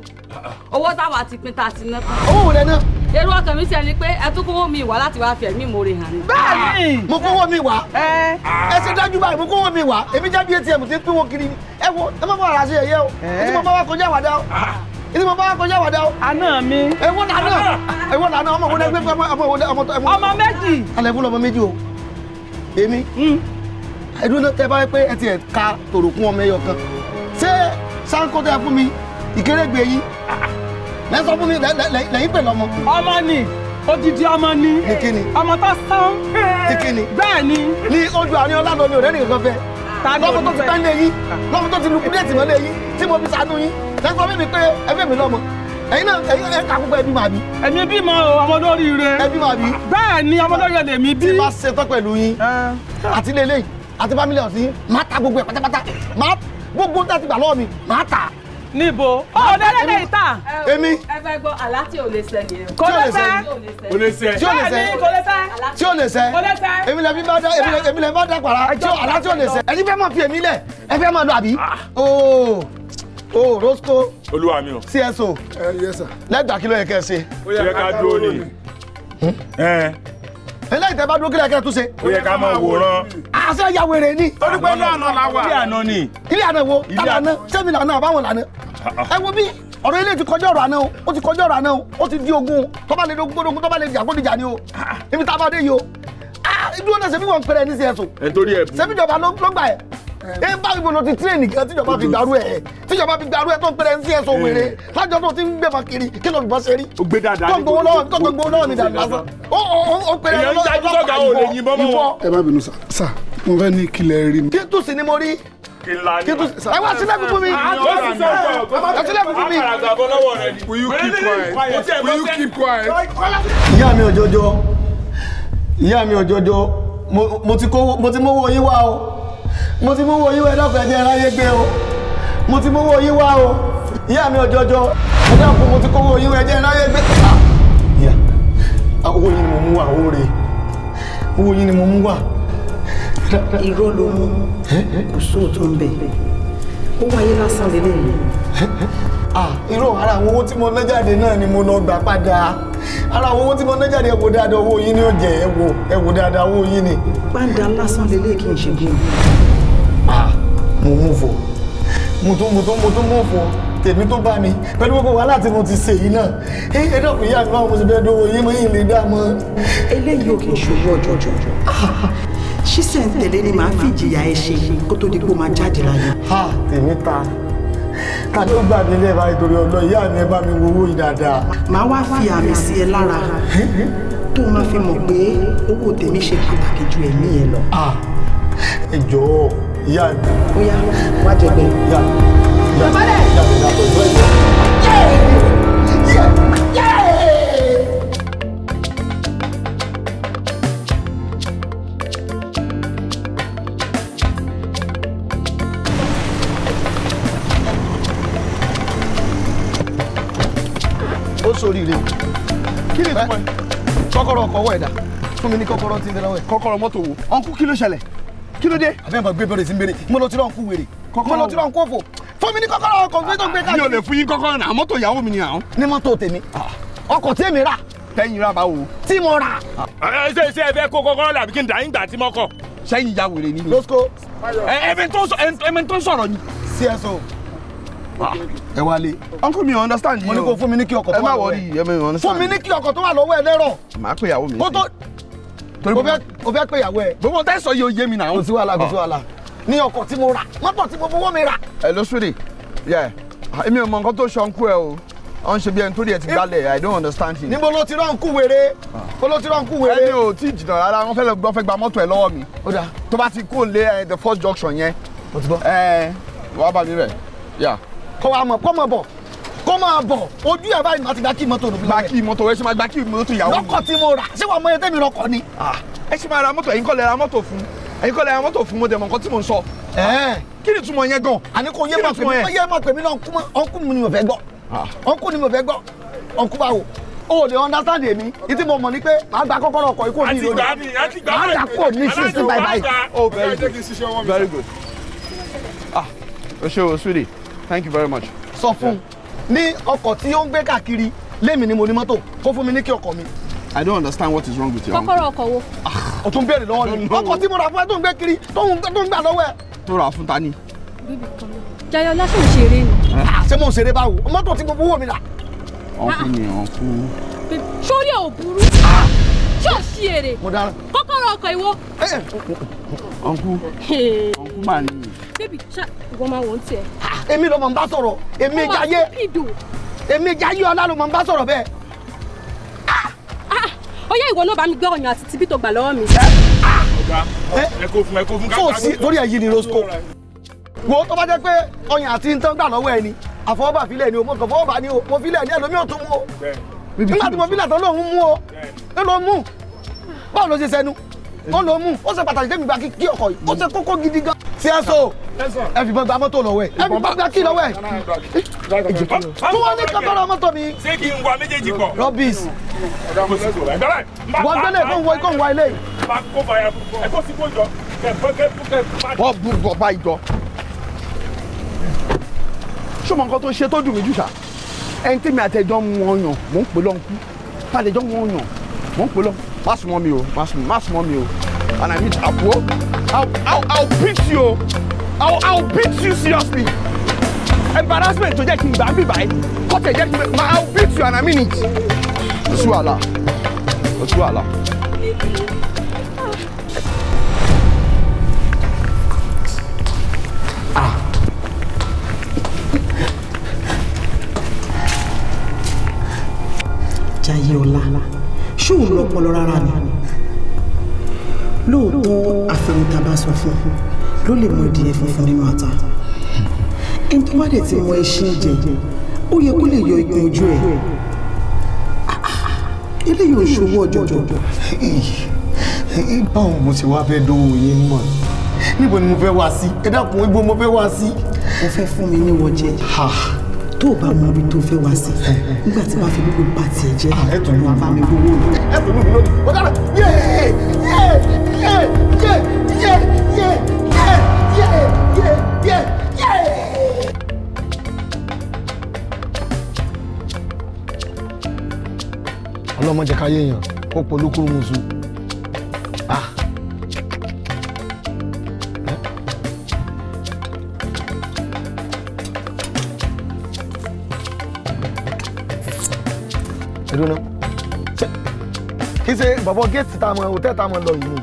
owó táwa ti pín tá a ti ná tán. owó wo lẹ ná. èrò ọkàn mi sẹ́ni pé ẹ tún kówó mi wá láti wá fi ẹ̀mí ìmoore hàn ni. bẹ́ẹ̀ni mo kówó mi wá. ẹ ṣe dájú báyìí mo kówó mi wá èmi jáde atm ti ń pínwó kiri ẹ wo ẹ má bọ̀ ara ṣe yẹ̀yẹ́ o ètí mo bá wá kọjá àwàdà o ètí ah. mo bá wá kọjá àwàdà o. àná mi. èwo làná èwo làná ọmọ wo lẹgbẹ ọmọ wo lẹ ọmọ méjì. alẹ́ fún lọmọ méjì o èmi hmm. ẹdun tẹ bá yẹ pé ẹ ti ẹ̀ ka tòròkún ọmọ ẹyọ kan ṣé sanko tẹ fún mi ìkérégbè yìí lẹ́ sọ fún mi lẹ́yìn pẹ̀lú ọmọ. ọmọ ni odidi ọmọ ni ọmọ tó sán bẹ́ẹ̀ ni. ní ojú àárín ọlọ́dọ̀ ni òrẹ́rìn kankan fẹ́ lọ́mọ tó ti tán lé yín lọ́mọ tó ti lu kúdẹ́ẹ̀tì mọ́ lé yín tí mo fi ṣàánú yín lẹ́sọ fún mi pé ẹgbẹ́ mi lọ́mọ ẹ̀yin náà ẹ̀yin ẹ kà púpọ̀ ẹbí màá bí. ẹ̀mí bímọ ọmọ lórí rẹ ẹbí màá bí. bẹ́ẹ̀ ni ọmọ lórí rẹ lèmi bí. tí bá ṣe tán pẹ̀lú yín àti lélẹ́yìn àti bámílẹ̀ ọ̀sìn máa ta gbogbo ẹ̀ pátápátá máa gbogbo tá ti gbà lọ́wọ́ mi máa ta níbo ọ dẹ́dẹ́dẹ́ ìta. èmi. ẹ fẹ́ gbọ́ àlá tí ò lè sẹ nìyẹn. kò lè sẹ. kò lè sẹ. tí ò lè sẹ. kò lè sẹ. tí ò lè sẹ. kò lè sẹ. èmi lè fi bá dá èmi lè bá dá pàrà tí àlá tí ò lè sẹ. ẹni fẹ́ máa fi èmi lẹ̀ ẹ fẹ́ máa lọ àbí. Ah. ooo ooo rosco. olúwa mi o. cso. Eh, lẹ́gbàá kí ló yẹ kẹ́ ẹ ṣe. ó yẹ ká dúró ni. eléyìí tẹ bá dúró kí lẹ́yìn kẹ́ ẹ tún ṣe. ó yẹ ká máa wòran. àṣẹ ya wèrè ni. torí pé ilé àná la ilé àná ni. ilé àná wo. ilé àná sẹ́mi làná àbáwọn làná. (laughs) ẹ wo bí ọ̀rọ̀ ilé ti kọjá ọ̀rọ̀ àná o ó ti kọjá ọ̀rọ̀ àná o ó ti di ogun tó bá lè dogun gbódogun tó bá lè jà kó dìjà ni o (laughs) ibi tá a bá dé yìí o dúró náà ṣebí wọn pẹrẹ ní sí ẹsùn ṣebí ìjọba ló gbà ẹ ẹ bá ibo ló ti tírèènì kan tíjọba fi dàrú ẹ tíjọba fi dàrú ẹ tó ń pẹrẹ ní sí ẹsùn eh. wèrè lájọ tó ti ń gbẹ̀fà kiri kí ló lùbọ́ ṣe rí tó o gbowó lọ́wọ́ tó ń gbowó lọ́wọ́ mi dàrú lásán o pẹrẹ lọ́wọ́ ìbọn. ẹ má bínú sá sá mo fẹ́ ní kílẹ̀ rí mi. kí tùsí ni mo rí ẹ wá sílẹ̀ kúkú mi ẹ sílẹ̀ kúkú mi. will you keep quiet will you keep quiet. ìyá mi òjòjò ìyá mi òjòjò mo ti mówó yín wá o mo ti mówó yín wá ẹ dọ́kun ẹ̀jẹ̀ ráyé gbé o mo ti mówó yín wá o ìyá mi òjòjò ẹ dọ́kun mo ti kówó yín wá ẹ̀jẹ̀ ráyé gbé. Ah, ìyá ah, owó yín ni mo mú wá owó rẹ̀ owó yín ni mo mú wá irọ́ ló mú kò sóòótọ́ ń bẹ̀ ó wáyé lásán lélẹ̀ yìí. irọ́ ara àwọn owó tí mo ná jáde náà ni mo lọ gbà padà ara àwọn owó tí mo ná jáde ẹ wò dáadáa owó yín ni ó jẹ ẹ wò ẹ wò dáadáa owó yín ni. pàǹdà lásán lélẹ̀ kì í ṣe bí mi. mo mú fò mo tún mo tún mo tún mú fò tèmi tó bá mi pẹ̀lú gbogbo wàhálà tí mo ti ṣe yìí náà ẹ dọ̀kùn yá mi báwo mo ti bẹ́ẹ̀ dọ́wọ́ yín mo yín lè dá mọ́. eléyìí ò kì í ṣòwò ọ̀jọ̀jọ̀ ṣíṣẹ̀ ń tẹ̀lé ni màá fi ìjìyà ẹ ṣe kó tó di pé ó máa jáde láyé. ha tèmi ta ká tó gbà mí lẹ́ẹ̀ báyìí torí ọlọ́ ìyá mi ẹ bá mi wo owó yìí dáadáa. màá wá fi àmì sí ẹ lára tó o máa fi mọ̀ pé owó tèmi ṣe pàtàkì ju ẹ̀mí ẹ lọ. ẹ jọ̀ọ́ ìyá mi. ó yá wá jẹgbẹ́. bàbá rẹ̀. ìyá mi dàpọ̀ ìgbẹ́ ìgbẹ́. sórí rẹ kí ni tọmọ ẹ kọ́kọ́rọ́ ọkọ ọwọ́ ẹ dà fún mi ní kọ́kọ́rọ́ tí ń dẹrọ ẹ. kọ́kọ́rọ́ mọ́tò wo. ọ̀nkú kí ló ṣẹlẹ̀ kí ló dé. àbẹ́ àgbà gbé bẹ̀rẹ̀ sí bẹ̀rẹ̀ mo lọ tí lọ́nkú wèrè mo lọ tí lọ́nkú òfò fún mi ní kọ́kọ́rọ́ ọkọ̀ gbé tó gbé káàkiri. mi ò lè fún yín kọ́kọ́rọ́ náà mọ́tò ìyàwó mi ni àwọn. ní mọ́tò tèmi ọkọ̀ tí èmi rà. tẹ́yìn rà báwo. tí mo rà. ẹ ṣe ṣe ẹ fẹ́ kó kọ́kọ́rọ́ làbí kí n dà yín gbà tí mo kọ. sẹ́yìn ya wèrè nínú. lóṣkó. ẹ ẹ mi tó sọ̀rọ̀ ni. cso Ah, ẹ wálé. uncle mi understand yìí o. mo ní kó fún mi ní kí ọkọ̀ tó wà lọ́wọ́ ẹ. understand. fún mi ní kí ọkọ̀ tó wà lọ́wọ́ ẹ lẹ́rọ̀. màá pè ìyàwó mi sí. torí o fẹ́ pè ìyàwó ẹ. gbogbo tẹ́ sọ yìí ó yé mi náà. kò sí wàhálà kò sí ah. wàhálà. ní ọkọ̀ tí mo rà mọ́tò tí mo fowó mi rà. ẹ ló sùn ah, èmi ò mọ nǹkan tó ṣọǹkú ẹ o ọ ń ṣe bí ẹni tó rí ẹ ti gbálẹ̀ i don't understand him. níbo ló ti rán kú wèrè bó ló ti rán kú wèrè. ẹni ò tí ì jìnnà rárá wọn fẹ́ lọ gbọ́ fẹ́ gba mọ́tò ẹ lọ́wọ́ mi. ó dáa tó bá ti kó lé eh, the first junction yẹn. ó ti bọ́. ẹ eh, wàá bá mi rẹ̀ yà kọ́ wa mọ̀ kọ́ mọ̀ bọ̀ kó máa bọ̀ ojú ẹ̀ báyìí máa ti gba kí mọ́tò rẹ̀. gba kí mọ́tò rẹ̀ ṣe máa gba kí mọ́tò ìyàwó mi. lọ́kọ̀ tí mo rà ṣé wàá mọ iye tẹ́mi lọ́kọ̀ ni. ẹ ṣe máa ra mọ́tò ẹ̀yin kọ́ lẹ ra mọ́tò fún ẹ̀yin kọ́ lẹ ra mọ́tò fún mo dẹ̀ mọ̀ nǹkan tí mo ń sọ. kí ni túmọ̀ yẹn gan. àní kò yé máa pè mí náà ọ̀nkú mi ni mo fẹ́ gbọ́ ọ̀nkú ni mo fẹ́ gbọ́ ọ̀nkú báwo o lè understand èmi ìtí mo mọ̀ ni pé màá gba kọ́kọ́rọ́ ọkọ̀ ikú mi lónìí màá dà kó ní sísí báyìí. oh very good very good ah o ṣe o sweetie thank you very much. sọ fún un ní ọkọ̀ tí ó ń gbé káàkiri lémi ni mo ní mọ́tò kó fún mi ní kí ọkọ̀ mi. I don't understand what is wrong with your uncle. kọ́kọ́rọ́ ọkọ̀ wo. Ah, o tún béèrè lọ́wọ́ ni (laughs) ọkọ̀ tí mo rà fún ẹ tó ń gbé kiri tó ń gbà lọ́wọ́ ẹ. tó rà fún ta ni. bíbí kan lọ jayọ lásán ìṣeré ni. Eh? Ah, ṣé mo ń ṣeré báwo mọ́tò tí gbogbo wò mí rà. ọkùnrin ọkùnrin. sórí ò burú. Ah! ṣọ́ọ̀ṣì èrè kọ́kọ́rọ́ ọkọ̀ ìwọ. ọ̀nkú ọ̀nkú máa ní. bébì ṣá ìwọ máa wọ̀n tiẹ̀. èmi lọ́mọ ń bá sọ̀rọ̀ èmi jayé èmi jayé ọlá ló mọ̀ ń bá sọ̀rọ̀ bẹ́ẹ̀. ọyá ah, ah, ìwọ náà bá mi gbé ọyàn àti tibí tó gbà lọ́wọ́ mi. Ah. ọ̀gá ẹ kó fún ẹ kó fún ká. sóòsì lórí ẹ̀yìn ni rosco wo tó bá jẹ́ pé ọyàn àti ntán gbà lọ́wọ́ ẹni àfọwọ́bà fílẹ̀ ni o mo kàn fọwọ́bà ni o mo fílẹ̀ ni ẹlòmíì ò tún mú o. bẹ́ẹ̀ nígbà tí mo bí làtọ́ lòun mú o ló ló mú báwo ló ṣe sẹnu ó ló mú ó ṣe pàtàkì tẹ́mi gba kí ọkọ̀ yìí ó ṣe kókó gidi gan. tí ẹ sọ ẹ fìbọn gba mọ́tò lọ́wọ́ ẹ ẹ fìbọn gba kí lọ́wọ́ ẹ. tí wọ́n ní kọ́kọ́rọ́ mọ́tò mi. ṣé kí n wa méjèèjì pọ̀. rọ́bìs. wọ́n gbẹ́lẹ̀ fún wọn kó ń wa ilé. bọ́ bú bọ́ bá ìjọ. ṣé o mọ nǹkan tó ṣe tó dùn mí jù ṣáà ẹni tèmi àtẹjọ́ mu ọyàn mò ń pè lọ́nkú tàtẹjọ́ mu ọyàn mò ń pè lọ́nkú má sùn mọ́ mi o má sùn mọ́ mi o and I mean àpò I will beat you o I will beat you seriously embarrassment tó jẹ́ kí n gbà bí báyìí kọ́tẹ̀ jẹ́ kí n gbà I beat you and I mean it. Oṣù àlà Oṣù àlà. jayé ọlá ṣóun lọ́pọlọ rárá ni lóòótọ́ àfẹnutà bá sọ fún ló lè mọ ìdíyẹ funfun nínú ata ẹni tó bá dẹ̀ ti mọ ẹṣin jẹ ó yẹ kó lè yọ igun ojú ẹ̀ eléyìí ò ṣòwò ọjọjọ. báwo mo ti wá fẹ́ dánwò yín mọ̀ níbo ni mo fẹ́ wá sí ẹ dákun ibo mo fẹ́ wá sí. mo fẹ́ fún mi ní wọ́n jẹ tó o bá mọ ibi tó fẹ́ wá sí nígbà tí wàá fi gbogbo bá tiẹ̀ jẹ́ wàá ah, bá mi gbowó rẹ̀. ẹ tún lùmí lónìí ó dára yé yé yé yé yé yé yé yé yé yé. ọlọ́mọ jẹ́ ká yéèyàn kó polúkúrú musu. He said, "Baba, get ṣe bọ̀bọ̀ géètì tá a mọ hòtẹ́ẹ̀lì tá a mọ lọ yìí ni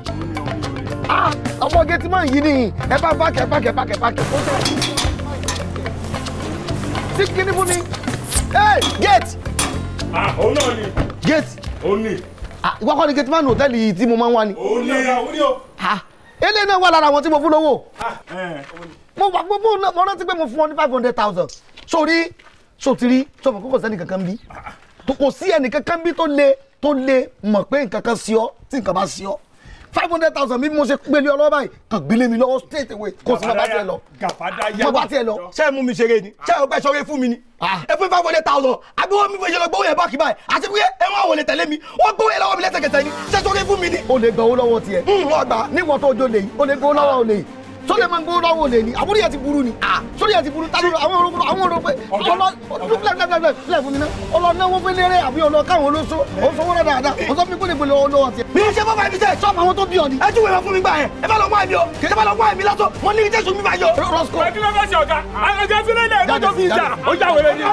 ọmọ ah, géètì máa ń yí ni ẹ bá bá Hey, get. Ah, bá kẹ bá kẹ tí kíní fún mi géètì. òun náà ni. géètì. òun ni. Only. Ah, kọ́ ni géètì máa ń hòtẹ́ẹ̀lì yìí tí mo máa ń wá ni. òun ni ah, òun ni o. eléyìí náà wà lára àwọn tí mo fún lówó mo wà gbogbo mo rántí mo fún ọ ní five hundred thousand sórí kò sí ẹnìkankan bí tó le tó le mọ̀ pé nǹkan kan sí ọ tí nǹkan bá sí ọ five hundred thousand mi mo ṣe gbélé ọlọ́wọ́ báyìí kàn gbélé mi lọ́wọ́ straight away kò sí bàbá tiẹ̀ lọ bàbá tiẹ̀ lọ. ṣé ẹ mú mi ṣeré ni ah. ṣé ẹ gbẹ ṣọrẹ mi ni. Ah. ẹ five hundred thousand àbí wọn mi fẹ́ ṣe lọ gbówó yẹn báàkì báyìí àti pé ẹ wọn àwọn olè tẹ̀lé mi wọn gbówó yẹn lọ́wọ́ mi lẹ́sẹ̀kẹsẹ̀ ni ṣé ṣọrẹ fún mi ni. o lè gbà owó lọ́wọ́ tiẹ̀. Hmm, n ò gbà níwọ̀n tó jọ lè yìí o lè gbowó lọ́wọ́ lè yìí sọlẹ máa ń gbowó lọ́wọ́ lè ní àbúrò yẹn ti burú ni ah. sọlẹ yẹn ti burú tálọ àwọn olóko àwọn olóko ọlọ filẹ filẹ fún mi ná ọlọ́nà wọn fẹ́ léré àbí ọlọ káwọn olóso òun sọ wọ́n dáadáa òun sọ fún mi kó lè gbèlè ọlọ́wọ́ tiẹ̀. mi ṣe bọ́ bá ibi sẹ́ sọ́ọ̀mù àwọn tó bí ọ ni. ẹ júwe wọn fún mi gbà yẹn ẹ bá lọ wá mi o ẹ bá lọ wá mi lásán mo ní ìjẹ́ sùn mi máa yọ. rọsikọ ẹ dúró fẹsẹ̀ ọ̀gá ọ̀gá sílẹ̀ ilé ẹgbẹ́ tó fi ìjà ó já wẹ̀rẹ̀ ni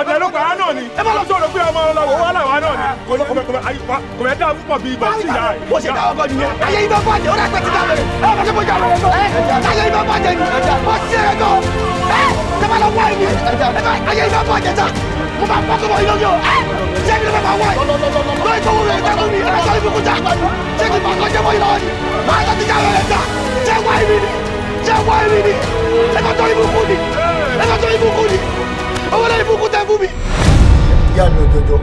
ọ̀dẹ̀ ló pa á náà ni ẹ bá lọ sọ̀rọ̀ pé ọmọ ọlọ́wọ́ wà láwa náà ni kò ní kò bẹ́ẹ̀ dá púpọ̀ bí ibà sí ìyá rẹ̀ ayé ibà bàjẹ́ ni mo sí ẹ̀rẹ́ gan ẹ́ tẹ́fà lọ wá ẹ̀mí ẹ̀fà ayé ibà bàjẹ́ ta mo bá pọ́ kọ́mọ ilé yóò ẹ́ ṣé kí ló fẹ́ máa wá ẹ̀ lórí tó wúlò ẹ̀jẹ̀ fún mi ẹ̀ṣọ́ ìbùkún ta ṣé kí bàkọ́ jẹ́ mọ́ ìlọ́ọ̀ni máa tọ́ ti já rẹ̀ ta ṣé wá ẹ̀mí ni ṣé wá ẹ̀mí ni ẹ̀fà tó ìbùkún ni ẹ̀fà tó ìbùkún ni owó lórí ìbùkún tẹ fún mi. ìyá mi ò jọjọ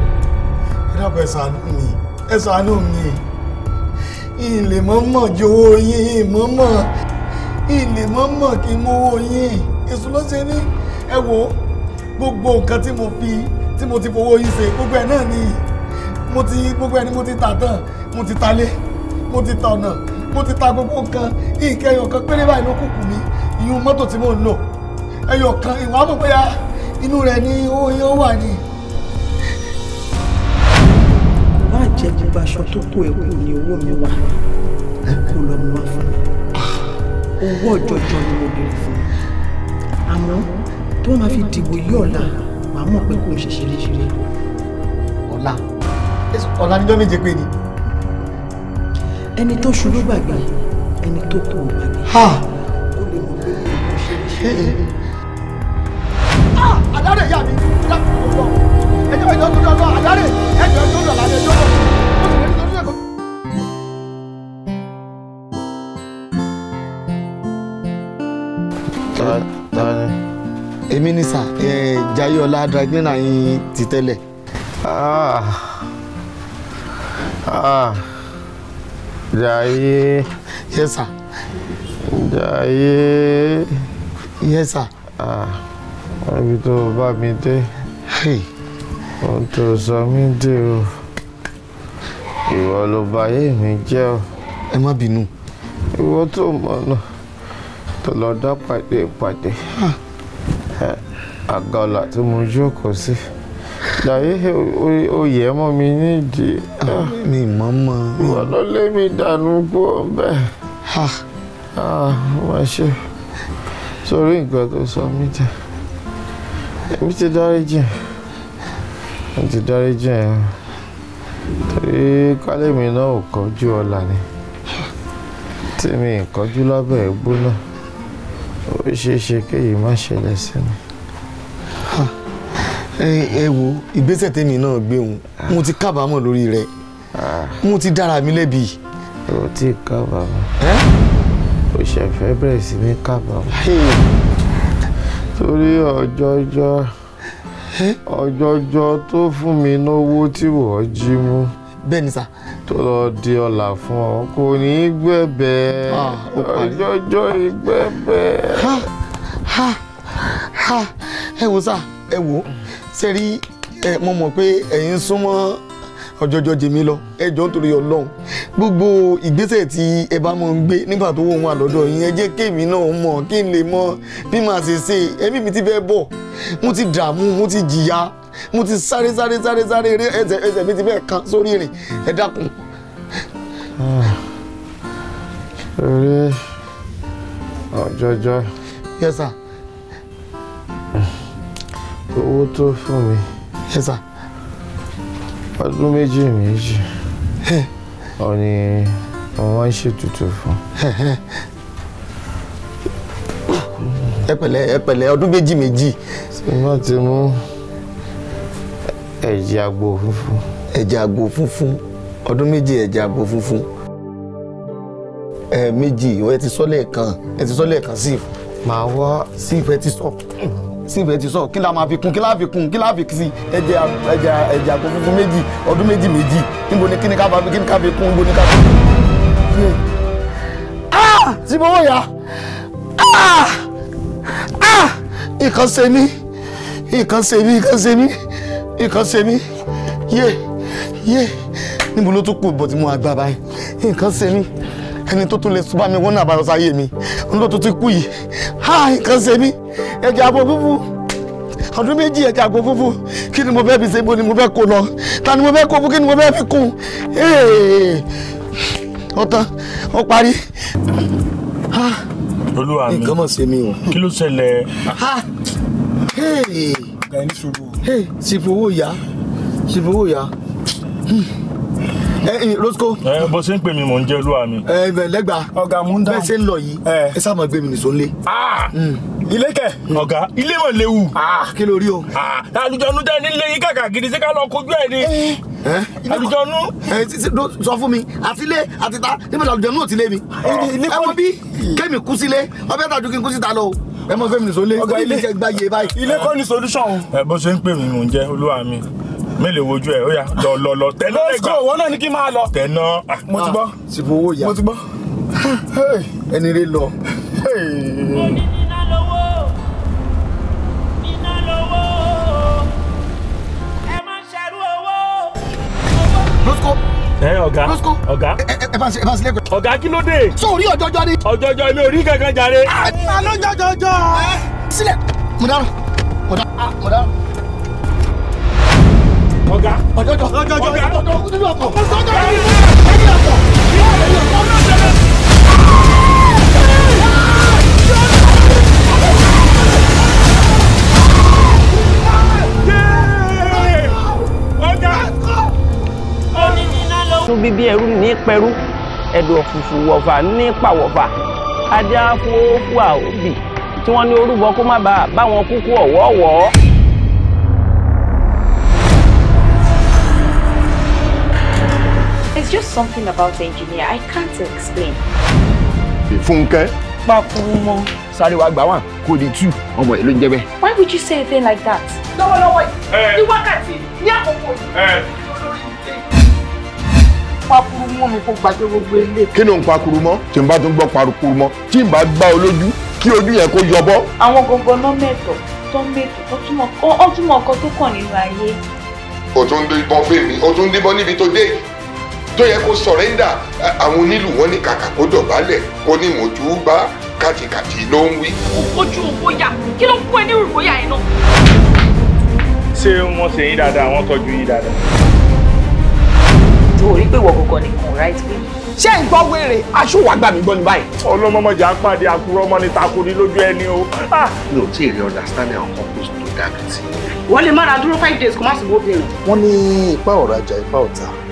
ìdàpọ̀ ẹ ṣàánú mi ẹ ṣàánú mi ìlè mọ́mọ́ jọ̀wọ́ yín mọ́mọ́ ilé mọ́mọ́ kí n mówó yín èso ló ṣe ní ẹ wo gbogbo nǹkan tí mo fi tí mo ti fowó yín ṣe gbogbo ẹ̀ náà ni mo ti gbogbo ẹ̀ ni mo ti tà tán mo ti talé mo ti ta ọ̀nà mo ti ta gbogbo nǹkan nǹkan ẹyọ kan péré báyìí ló kù mí ìyún mọ́tò tí mò ń lò ẹyọ kan ìwà mọ̀ pé inú rẹ̀ ni owó yẹn wà ní. má jẹ́ gbogbo aṣọ tó kó ẹ̀kú ni owó mi wà kó lọ́mú fún mi owó ọ̀jọ̀jọ̀ ni mo béèrè fún àmọ́ tí wọ́n máa fi dìbò yí ọ̀la màá mọ̀ pé kò ń ṣe ṣeréṣeré. ọ̀la ọ̀la níjọ́ méje pé ni. ẹni tó ṣubú gbàgbé ẹni tó kù gbàgbé. ó lè mọ̀ pé kò ń ṣe ṣeréṣeré. Eh, eh, eh. ah! àdárè ìyá mi ìyá mi kò lọ ẹjọ́ ìjọ́ tó lọ́ọ́ àdárè ẹjọ́ ìjọ́ èmi ni sà Jayéọlá dry cleaner yín ti tẹ́lẹ̀. Ah. Ah. Jayé. yes sà. Jayé. yes sà. Ah. ibi tó o bá mi dé ohun tó o sọ mí dé o ìwọ ló bà ayé mi jẹ́ o. ẹ má bínú. ìwọ tó mọ̀ náà tó lọ dá pàdé pàdé. Ah àgàlà tí mo jókòó sí jàyé oyè ẹ mọ́ mi nídìí. mi mọ́ mọ́. ìwọ ló lé mi dànù kú bẹ́ẹ̀. Ah, má ṣe sórí nǹkan tó sọ mí jẹ èmi ti dárí jẹ mo ti dárí jẹ torí kálẹ̀ mi náà ò kọjú ọ̀la ni tí mi ì kọjú lábẹ́ ìgbóná ó ṣeé ṣe kéyìí má ṣẹlẹ̀ sí mi. ẹ wo ìgbésẹ̀ tèmi náà gbé òun ah. mo ti kábàámọ̀ lórí rẹ̀ ah. mo ti dára mi lẹ́bi. o ti kábàámọ̀ o ṣẹ̀fẹ̀ bẹ̀rẹ̀ sí ní kábàámọ̀ torí ọjọ́jọ́ ọjọ́jọ́ tó fún mi náwó tí wọ́n jí mú. bẹ́ẹ̀ ni sà tó lọ di ọ̀la fún ọ kò ní í gbẹ̀bẹ̀ ah, ọjọ́jọ́ ìgbẹ̀bẹ̀. ẹ wo sá ẹ wo ṣe rí mo mọ̀ pé ẹ̀yin súnmọ́ ọjọ́jọ́ jèmi lọ ẹ jọ̀ọ́ nítorí Ọlọ́run gbogbo ìgbésẹ̀ tí ẹ bá mọ̀ ń gbé nígbà tó wọ́n wà lọ́dọ̀ yín ẹ jẹ́ kémi náà mọ̀ kí n lè mọ̀ bí màá ṣe ṣe ẹ̀mí mi ti fẹ́ bọ̀ mo ti dààmú mo ti jìyà mo ti sáré sáré sáré sáré eré ẹsẹ̀ ẹsẹ̀ mi ti bẹ́ẹ̀ kan sórí ìrìn ẹ dákun. eré ọjọjọ. yes sir. owó tó fún mi. yes sir. ọdún méjì méjì ọ̀nì ọ̀wọ́n ń ṣètùtù fún ẹ pẹ̀lẹ́ ẹ pẹ̀lẹ́ ọdún méjì méjì. ṣé wọ́n ti mú ẹ̀jẹ̀ àgbò funfun. ẹ̀jẹ̀ àgbò funfun ọdún méjì ẹ̀jẹ̀ àgbò funfun ẹ̀ẹ̀mejì ẹ ti sọ lẹ́ẹ̀kan ẹ ti sọ lẹ́ẹ̀kan sí i. màá wá sí ìfẹ́ ti sọ sí ìfẹ́ ti sọ kí la máa fi kún kí la fi kún kí la fi sí ẹ̀jẹ̀ ẹ̀jẹ̀ ẹ̀jẹ̀ àgbò funfun méjì ọdún méjì méjì níbo ni kí ni ká bá fi kí ni ká fi kún níbo ni ká fi kún. Ah! Ah! tí mo wọ̀ yá ìkànsẹ́ ah! mi ìkànsẹ́ mi ìkànsẹ́ mi nǹkan ṣe mí yé yé níbo ló tún kù bọ̀ tí mo àgbà báyìí nǹkan ṣe mí ẹni tó tún lè sùn bá mi wọ́n náà bá yọ̀sá yé mi òun ló tún ti kú yìí ha nǹkan ṣe mí ẹ̀jẹ̀ àbọ̀ fúfú ọdún méjì ẹ̀jẹ̀ àbọ̀ fúfú kí ni mo fẹ́ fi ṣe ibo ni mo fẹ́ kó lọ ta ni mo fẹ́ kó fún kí ni mo fẹ́ fi kún ó tán ó parí. olúwa mi nǹkan kí ló ṣẹlẹ̀. ẹ ní 嘿，媳妇儿呀，媳妇儿呀。Roscoe. ẹ bó ṣe ń pè mí mò ń jẹ́ olúwa mi. ẹ bẹ lẹgba ọ̀gá mú ń dáhùn bẹ́ẹ̀ ṣe ń lọ yìí ẹ sáà máa gbé mi nìṣó lé. Ah! Hmm. ilé kẹ hmm. ọ̀gá ilé mọ̀ léwu. Ah, kí ló rí o. Ah, àlùjọ̀nú tẹ ní lẹ́yìn kàkà gidi ṣé ká lọ kojú ẹ ni. Eh, eh, àlùjọ̀nú. Eh, sọ fún mi àtilé àtìta níbo làlùjọ̀nú ò ti lé mi. ẹ wọ bí kémi kú sílé ọbẹ̀ tàdú kí n kú síta lọ o ẹ mọ fẹmi nìṣó lé ọgá ilé gbáyé báyìí. ilé kọ́ ni solution. ẹ bó ṣe ń pè mí mò ń jẹ́ olúwa mi mélòó wojú ẹ ó yà tẹná lẹgbà lọ wọn náà ni kí n máa lọ. tẹná ah, mo ti gbọ́. sìbò ah, owó yà mo ti gbọ́. ẹni rẹ lọ. ẹ ọ̀gá ọ̀gá ẹ bá ń sílẹ̀ pẹ̀lú. kí ló dé. so orí ọjọ́jọ́ ni. ọjọ́jọ́ mi ò rí kankan jàre. Ah, àná jọjọjọ. sílẹ̀ mo dára mo dára ọ̀gá ọ̀jọ̀jọ̀ ọ̀jọ̀jọ̀ ọ̀gá nínú ọkọ̀ ọ̀sọ́jọ́ nínú ọkọ̀ nínú ọkọ̀ nínú ọkọ̀ ọ̀nàdẹ̀rẹ̀. tún bíbí ẹrú ní pẹrú ẹ̀dọ̀ fùfù wọ̀fà ní pàwọ̀fà ajá fúwà òbí tí wọ́n ní orúbọ kó má bàa báwọn kúkú ọ̀wọ́ọ̀wọ́. There's just something about the engineer I can't explain. Funke. Pakumo. Sorry, Wagba one. Kodi tu, Ọmọ elu ló Why would you say a thing like that? No, no, Lọ́wọ́lọ́wọ́ You work at it. àkókò yìí. Pakuru mọ́ mi kó gbàgbé gbogbo ilé. Kí ni òun pakuru mọ́? Tí n ba tún gbọ́ pakuru mọ́, tí n bá gbá olójú, kí ojú yẹn kó yọbọ́. Àwọn gangan náà mẹ́tọ̀ tó mẹ́tọ̀ tó túmọ̀ ọkọ tó kàn nínú ayé. O tún dé ibọn fèmí, o tún dé níbi tó dé tó yẹ kó sọ̀rẹ́ndà àwọn onílù wọn ní kàkà kó dọ̀bálẹ̀ kó ní mọ̀jú bá kàtìkàtì ló ń wí. ojú ògbó yà kí ló ń kó ẹ ní ìròyà ẹ náà. ṣé wọ́n ṣe yín dáadáa wọ́n tọ́jú yín dáadáa. tó o rí pé ìwọ kankan nìkan right way. ṣé ń gbọ́ wèrè aṣọ wàá gbà mí gbọ́ ní báyìí. ọlọ́mọmọjà á pàdé àkúrò ọmọ ní lójú ẹni o. Ah! mi ò tí ì rí understanding àwọn couples tó dàbí ti. wọ́n lè mára dúró five days kó má sì bó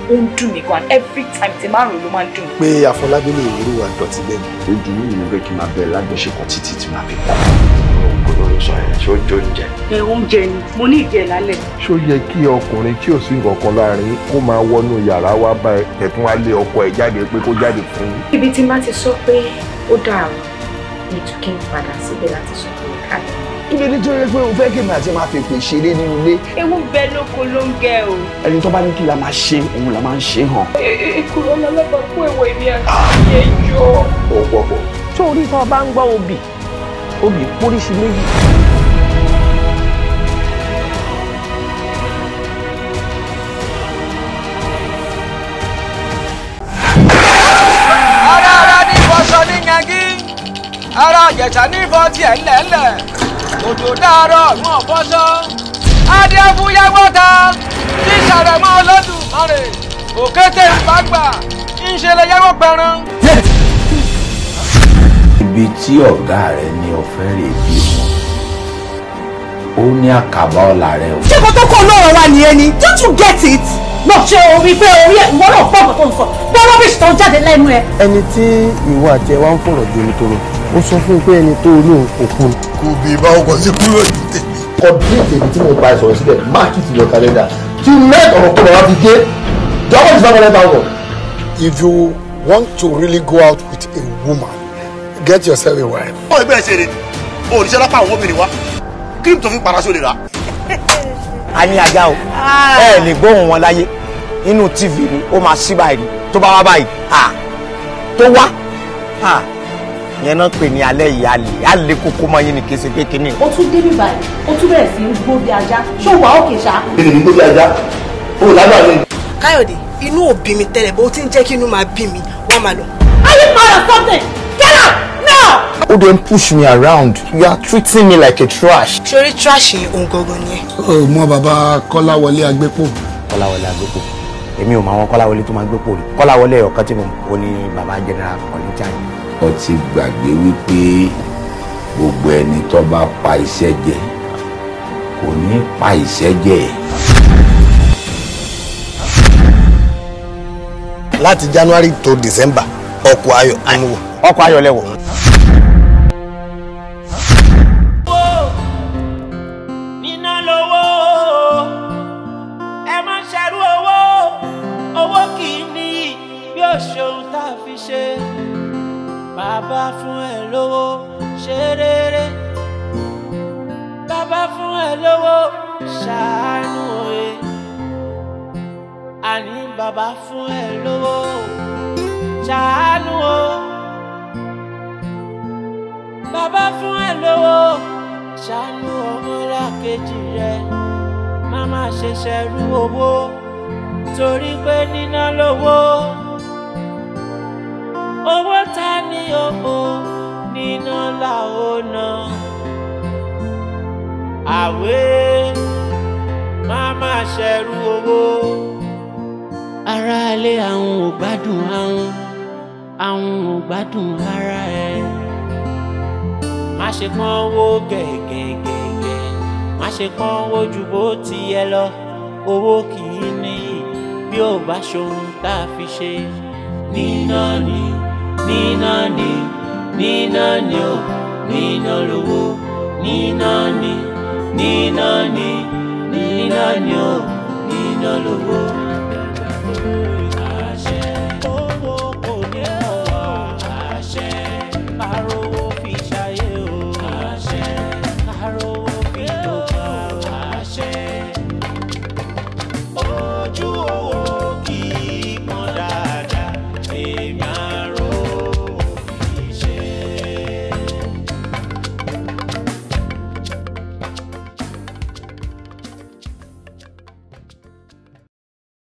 ó ń dùn mí gan every time tí márùn ló máa ń dùn. pé àfọlábí lè wúrú wa dọ̀tí lẹ́nu. ojú mi ni pé kí n máa bẹ̀rẹ̀ lájọṣepọ̀ títí tí màá fi kọ́ olórí sọ yẹn ṣé ó jó oúnjẹ. ẹ oúnjẹ ni mo ní ìjẹ lálẹ́. ṣó yẹ kí ọkùnrin tí ò sí nǹkan láàrin kó máa wọnú yàrá wá bá ẹtún wá lé ọkọ ẹ jáde pé kó jáde fún un. ibi tí má ti sọ pé ó dáa ní tún kí n padà síbẹ̀ láti sọ pé ká lè kí ló dé tó yẹ pé o fẹ́ kémi àti máa fèpè ṣeré nínú ilé. ewu bẹ lóko ló ń gẹ o. ẹni tó bá ní kí la máa ṣe òun la máa ń ṣe hàn. èkó e, e, e, ọlọ́lọ́gbà kó èwo èmi àti ah. ẹjọ́. ó pọ̀ pọ̀. tó orí tó bá ń gbọ́ obì obì póríṣi méjì. ara ara ní ìfọṣọ ní yangi ara àjẹsà ní ìfọ tiẹ̀ ńlẹ̀ńlẹ̀ òjò dàárọ̀ wọn bọ́ sán adé fúyàgbọ́ta tí ìsàlẹ̀ mọ́ Olódùmarè òkété ìpàgbà ń yẹ́wọ́ pẹran. ibi tí ọ̀gá rẹ ní ọ̀fẹ́ rè bí wọn ó ní àkàbà ọ̀la rẹ o. ṣé kò tó kó lọ́rọ̀ wa nìyẹn ni don't you get it. lọ ṣe orí pé orí ẹ ìwọ náà pọ̀ pọ̀ tó ń sọ gbọ́ rọ́bìṣì tó ń jáde lẹ́nu ẹ. ẹni tí ìwọ àti ẹ wá ń fọ̀rọ̀ jomitoro ó sọ fún mi pé ẹni tó olóhùn òkun. kò bí ibà ọkọ̀ sí kúrò ní tèmi. kọ̀dí tèmi tí mo bá ẹ sọ̀rọ̀ sílẹ̀ máàkì ti lọ kálẹ́dà tí mẹ́t ọ̀rọ̀ kọ́ bàbá fi dé jọ́wọ́ ti five hundred thousand. if you want to really go out with a woman get yourself a wife. ó ẹgbẹ́ ṣe rè o ní sẹ́lá pa àwọn obìnrin wa kírìm tó fi paraṣọ lè ra. a ní ajá o ah. ẹ lè gbóhùn wọn láyé inú tv ni ó máa ṣí báyìí tó bá wá báyìí tó wá yẹn náà pè ní alẹ́ yìí alẹ́ alẹ́ kókó mọ́ yín ní kése pé kínní. ó tún débi báyìí ó tún bẹ̀rẹ̀ sí í gbó bí ajá ṣó wà ó kè sá. kí ni gbó bí ajá ó lágbà mi. káyọ̀dé inú ò bí mi tẹ́lẹ̀ bó ti ń jẹ́ kí inú máa bí mi wọ́n máa lọ. are you proud of something? get out now. ó dẹ̀ push me around you are treating me like a trash. sori trash yẹn òun gangan ni ẹ. o mọ bàbá kọ́láwọlé agbépo. kọ́láwọlé agbépo èmi ò mọ àwọn kọ́láwọlé tó máa gbépo rí kọ́láwọlé ọ̀kan tí mo ní bàbá general kọ́lé jáde o ti gbàgbé wípé gbogbo ẹni tó bá pa iṣẹ́ jẹ kò ní pa iṣẹ́ jẹ. láti January to December ọkọ̀ ayọ̀ ọkọ̀ ayọ̀ lẹ́wọ̀. bàbá fún ẹ lówó ṣe rere bàbá fún ẹ lówó ṣàánú òye àní bàbá fún ẹ lówó ṣàánú o bàbá fún ẹ lówó ṣàánú ọmọlàkejì rẹ má má ṣe ṣẹrú owó torí pé níná lówó owó ta ni òpó níná làwọn náà àwé máa máa ṣẹrú owó. aráalé àwọn ò gbádùn àwọn àwọn ò gbádùn ara ẹ má ṣe kán wó gẹ̀gẹ̀gẹ̀gẹ̀ má ṣe kán wó ju bó ti yẹ lọ owó kì í níyì bí ó bá ṣohun tá a fi ṣe níná ni. Nani. ni nani ni nani o ni nalowo ni nani ni nani ni nani ni